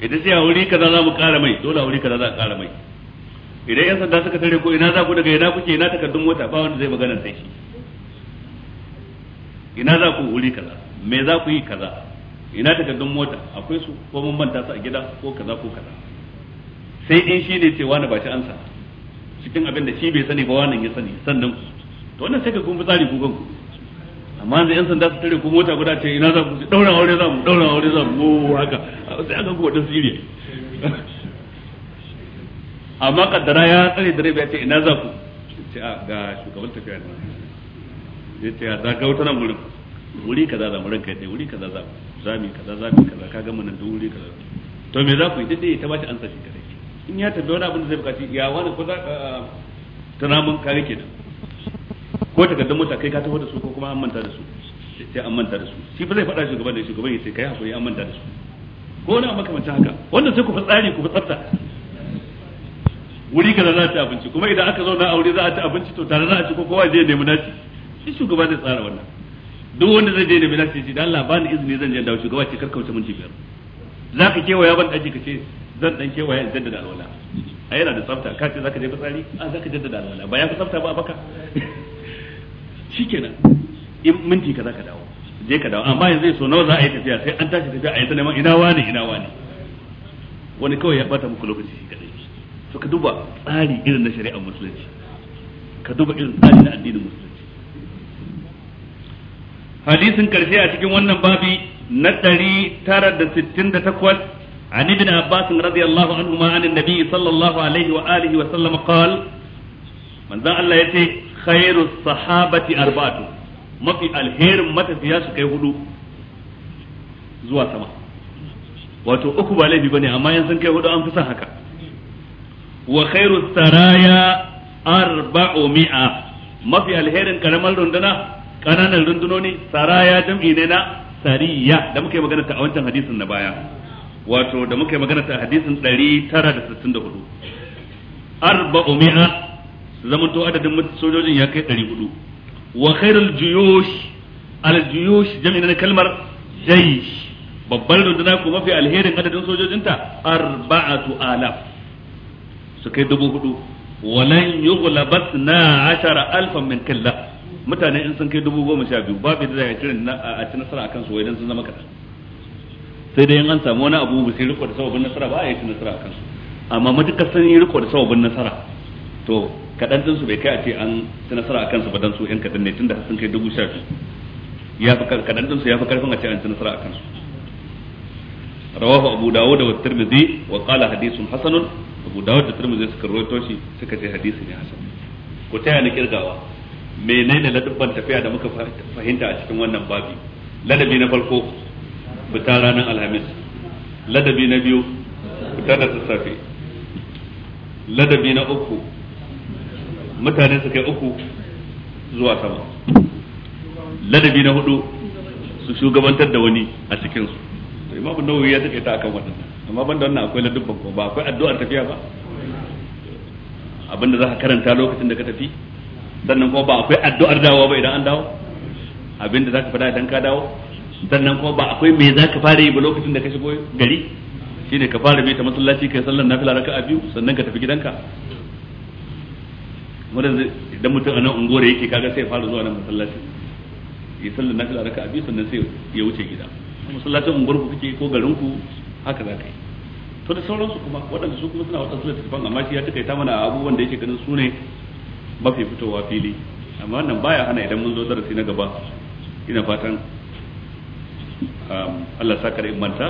idan ce a wuri kaza za mu ƙara mai dole a wuri kaza za a ƙara mai idan yan sanda suka tare ko ina za ku daga ina kuke ina takardun mota ba wanda zai magana sai shi ina za ku wuri kaza me za ku yi kaza ina takardun mota akwai su ko mun manta su a gida ko kaza ko kaza sai in shi ne cewa na ba shi ansa cikin abin da shi bai sani ba wannan ya sani sannan ku to wannan sai ka kun fitsari ku kanku amma yanzu yan sanda su tare ku mota guda ce ina za ku ce daura aure za mu daura aure za mu haka sai aka ku wadansu sirri [laughs] amma kaddara ya tsare direba ya ce ina za ku ce a ga shugaban tafiya ne ya ce ya za ka wuta nan gurin wuri kaza za mu ranka yadda wuri kaza za zami kaza zami kaza ka gama nan da wuri kaza to me za ku yi dade ta bashi ansa shi kadai in ya tambaye wani abin da zai bukaci ya wani ko za ta namun kare ke da ko takardun mota kai ka tafi da su ko kuma an manta da su sai an manta da su shi ba zai faɗa shugaban da shugaban ya ce kai hakuri an manta da su ko na makamantan haka wanda sai ku fi tsari ku fi tsafta wuri kaza za a ci abinci kuma idan aka zauna a wuri za a ci abinci to tare za a ci ko kowa zai nemi naci shi shugaba zai tsara wannan duk wanda zai je da bi sai da Allah ba ni izini zan je dawo shugaba ce karkauce minti biyar za ka kewaya ban daji ka ce zan dan kewaya in jaddada alwala a yana da tsafta ka ce za ka je fitsari a za ka jaddada alwala ba ya fi tsafta ba a baka [laughs] shikenan in minti ka za ka dawo je ka dawo amma yanzu so nawa za a yi tafiya sai an tashi tafiya a yi ta neman ina wani ina wani wani kawai ya bata muku lokaci shi kadai to ka duba tsari irin na shari'ar musulunci ka duba irin tsari na addinin musulunci hadisin karshe a cikin wannan babi na 968 an ibn abbas radiyallahu anhu ma anin nabi sallallahu alaihi wa alihi wa sallam qal manzo Allah yace khairu sahabati arba'atu mafi alherin matafiya su kai hudu zuwa sama wato uku ba laifi bane amma yanzu kai hudu an fi sa haka wa khairu saraya arba'u mi'a mafi alherin karamar runduna kananan rundunoni saraya jam'i ne na sariya da muka yi magana ta a wancan hadisin na baya wato da muka yi magana ta hadisin 964 arba'u mi'a zaman to adadin sojojin ya kai 400 wa khairul juyush al juyush jam'i na kalmar jaysh babbar runduna ko mafi alherin adadin sojojinta arba'atu alaf su kai dubu hudu walan yughlabat na ashara alfan min kalla mutane in sun kai dubu goma sha biyu babu da ya cire a ci nasara akan su idan sun zama kaɗan sai dai in an samu wani abu sai riko da sababin nasara ba a yi ci nasara akan su amma matuƙar sun yi riko da sababin nasara to kaɗan din su bai kai a ce an ci nasara akan su ba dan su yan kaɗan ne tunda sun kai dubu sha biyu ya fi kaɗan din su ya fi karfin a ce an ci nasara akan su rawahu abu dawud da tirmidhi wa qala hadithun hasanun abu dawud da tirmidhi suka rawaito shi suka ce hadisi ne hasan ko taya ni kirgawa menene ladabban tafiya da muka fahimta a cikin wannan babi ladabi na farko fitar ranar alhamis ladabi na biyu fitar da sassafe ladabi na uku mutane su kai uku zuwa sama ladabi na hudu su shugabantar da wani a cikinsu to imamu nawawi ya take ta akan wannan amma banda wannan akwai ladabban ko ba akwai addu'ar tafiya ba abinda za ka karanta lokacin da ka tafi sannan kuma ba akwai addu'ar dawo ba idan an dawo abinda zaka fada idan ka dawo sannan kuma ba akwai me zaka fara yi ba lokacin da ka shigo gari shine ka fara mai ta masallaci kai sallar nafila raka'a biyu sannan ka tafi gidanka wanda idan mutum a nan ungore yake kaga sai fara zuwa nan masallaci ya sallar nafila raka'a biyu sannan sai ya wuce gida masallacin unguwar ku kake ko garin ku haka za ka yi to da sauransu kuma waɗanda su kuma suna wata suna tattafan amma shi ya ta mana abubuwan da yake ganin su ne mafi fitowa fili amma wannan baya hana idan mun zo darasi na gaba ina fatan um, Allah saka da imanta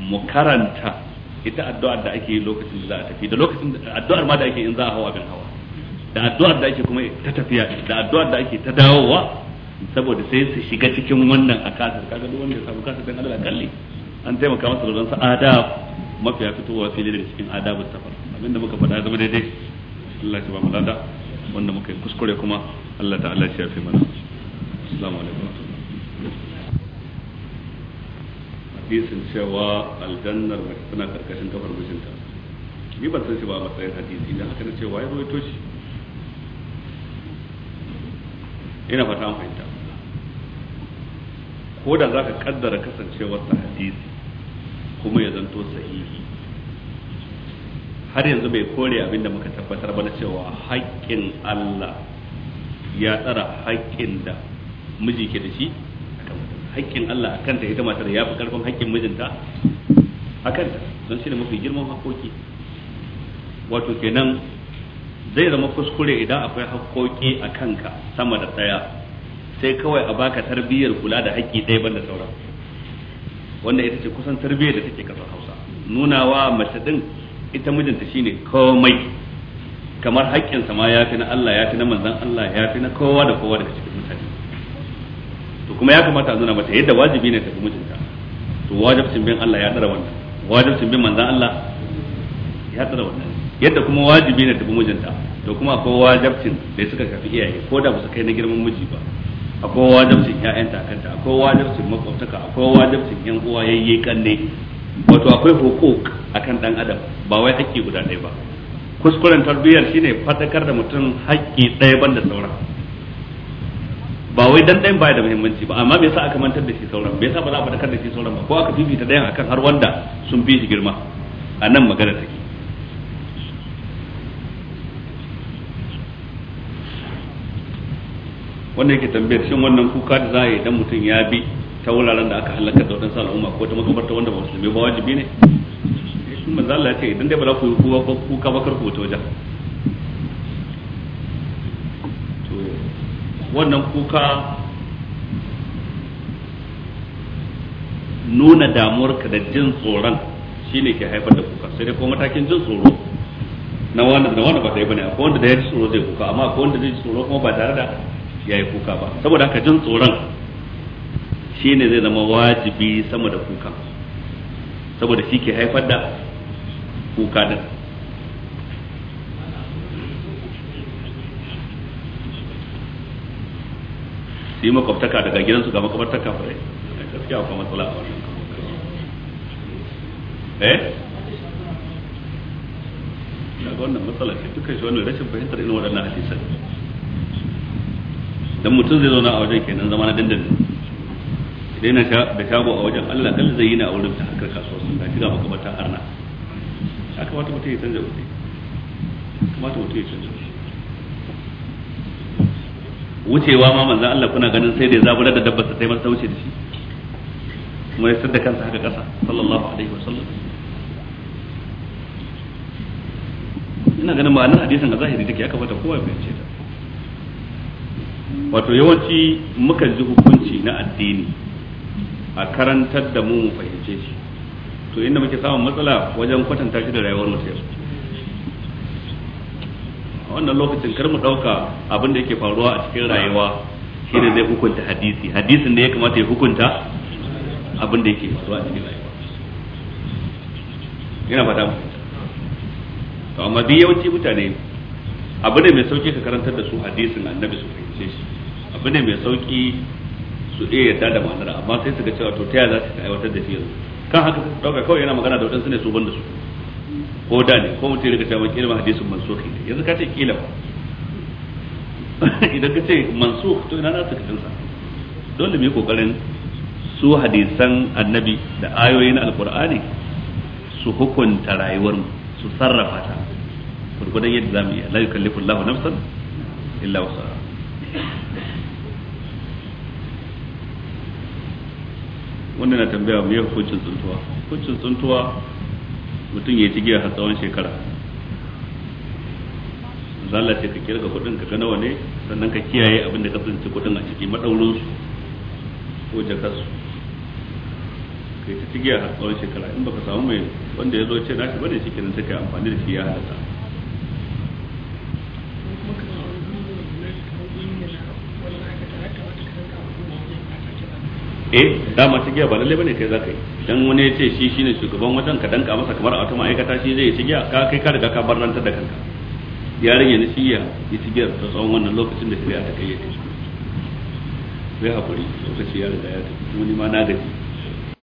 mu karanta ita addu'ar da ake yi lokacin da za a tafi da lokacin addu'ar ma da ake in za a hawa abin hawa da addu'ar da ake kuma ta tafiya da addu'ar da ake ta dawowa saboda sai su shiga cikin wannan a kasar kaga duk wanda ya samu kasar dan Allah kalli an taimaka masa da sa adab mafiya fitowa fili daga cikin adabul safar abinda muka faɗa zama daidai Allah ya ba mu lada wanda muka yi kuskure kuma Allah ta'ala shi ya fi mana assalamu alaikum hadisin cewa aljannar mace tana karkashin kafar mijinta ni ban san shi ba a matsayin hadisi dan haka na ce waye ruwaito shi ina fata an fahimta ko da zaka kaddara kasancewar ta hadisi kuma ya zanto sahihi har yanzu bai kore abin da muka tabbatar ba na cewa haƙƙin Allah ya tsara haƙƙin da miji ke da shi haƙƙin Allah akan ta ita matar ya fi ƙarfin haƙƙin mijinta akan ta don shi ne mafi girman haƙƙoƙi wato kenan zai zama kuskure idan akwai haƙƙoƙi a kanka sama da ɗaya sai kawai a baka tarbiyyar kula da haƙƙi ɗaya ban da sauran wanda ita ce kusan tarbiyyar da take kasar Hausa nunawa mace din ita mijinta shine komai kamar haƙƙinsa ma ya fi na Allah ya fi na manzan Allah ya fi na kowa da kowa daga cikin mutane to kuma ya kamata a nuna mata yadda wajibi ne ta fi mijinta to wajibcin bin Allah ya tsara wannan wajibcin bin manzan Allah ya tsara wannan yadda kuma wajibi ne ta fi mijinta to kuma akwai wajibcin da suka kafi iyaye ko da ba su kai na girman miji ba akwai wajibcin ƴaƴan kanta akwai wajibcin makwabtaka akwai wajibcin yan uwa yayye kanne wato akwai hukuk akan dan adam ba wai haƙƙi guda ɗaya ba kuskuren tarbiyyar shine fatakar da mutum haƙƙi ɗaya ban da sauran ba wai dan ɗayan baya da muhimmanci ba amma me yasa aka mantar da shi sauran me yasa ba za a fatakar da shi sauran ba ko aka fifita ɗayan akan har wanda sun fi shi girma a nan magana take wanda yake tambayar shin wannan kuka da za a yi idan mutum ya bi ta wuraren da aka halaka da wadansu al'umma ko ta makabarta wanda ba musulmi ba wajibi ne sun manzo Allah ya ce idan dai ba za ku kuka ba kuka ba wajen to wannan kuka nuna damuwarka da jin tsoron shine ke haifar da kuka sai dai ko matakin jin tsoro na wanda da wanda ba ta yi bane akwai wanda da ya ji tsoro zai kuka amma akwai wanda zai ji tsoro kuma ba tare da ya yi kuka ba saboda haka jin tsoron shine zai zama wajibi sama da kuka saboda shi ke haifar da kuka din su yi makwabtaka daga gidansu ga makwabtaka fure a eh, gaskiya kuma matsala a wannan eh daga wannan matsala ke dukkan shi wannan rashin fahimtar irin waɗannan hadisan dan mutum zai zauna a wajen kenan zama na dindindin daina da shago a wajen Allah kalli zai yi na wurin ta harkar kasuwa sun ta baka bata arna ya kamata mutum ya canza wuri kamata mutum ya canza wuri wucewa ma manzo Allah kuna ganin sai da ya zabura da dabbar sa sai masa wuce da shi kuma ya sadda kansa haka kasa sallallahu alaihi wasallam ina ganin ma'anar hadisin a zahiri take ya kamata kowa ya fahimce ta wato yawanci muka ji hukunci na addini a karantar da mu mu fahimce shi to inda muke samun matsala wajen kwatanta shi da rayuwar mutum a wannan lokacin kar mu ɗauka abin da yake faruwa a cikin rayuwa ne zai hukunta hadisi hadisin da ya kamata ya hukunta abin da yake faruwa a cikin rayuwa ina fata mu to amma duk yawanci mutane abu ne mai sauki ka karantar da su hadisin annabi su fahimce shi abu ne mai sauki su iya yarda da ma'anar amma sai su ga cewa to ta za su aiwatar da shi yanzu kan haka dauka kawai yana magana da wadansu ne su ban da su ko da ne ko mutum ya rika cewa kila hadisin mansukh ne yanzu ka ce kila ba [laughs] idan ka ce mansukh to ina na su kafin sa dole mu yi kokarin su hadisan annabi da ayoyin alkur'ani su hukunta rayuwar mu su sarrafa ta gurgudan yadda zamu yi la yukallifu Allahu nafsan illa wusaha wanda na tambaya mu yi hukuncin tsuntuwa hukuncin tsuntuwa mutum ya ci giya har tsawon shekara zalla ce ka kirga kudin ka gana wane sannan ka kiyaye abin da ka tsinci kudin a ciki madaurin su ko jakar su kai ta ci giya har tsawon shekara in baka samu mai wanda ya zo ce shi bane shi kenan sai kai amfani da shi ya halatta eh dama ta giya ba lalle bane kai zaka yi dan wani ya ce shi shine shugaban wajen ka danka masa kamar a wata ma'aikata shi zai ci giya ka kai ka riga ka barrantar da kanka yaron ya nace ya yi ci giyar ta tsawon wannan lokacin da shari'a ta kai ya ce zai hakuri lokaci ya riga ya tafi wani ma na gaji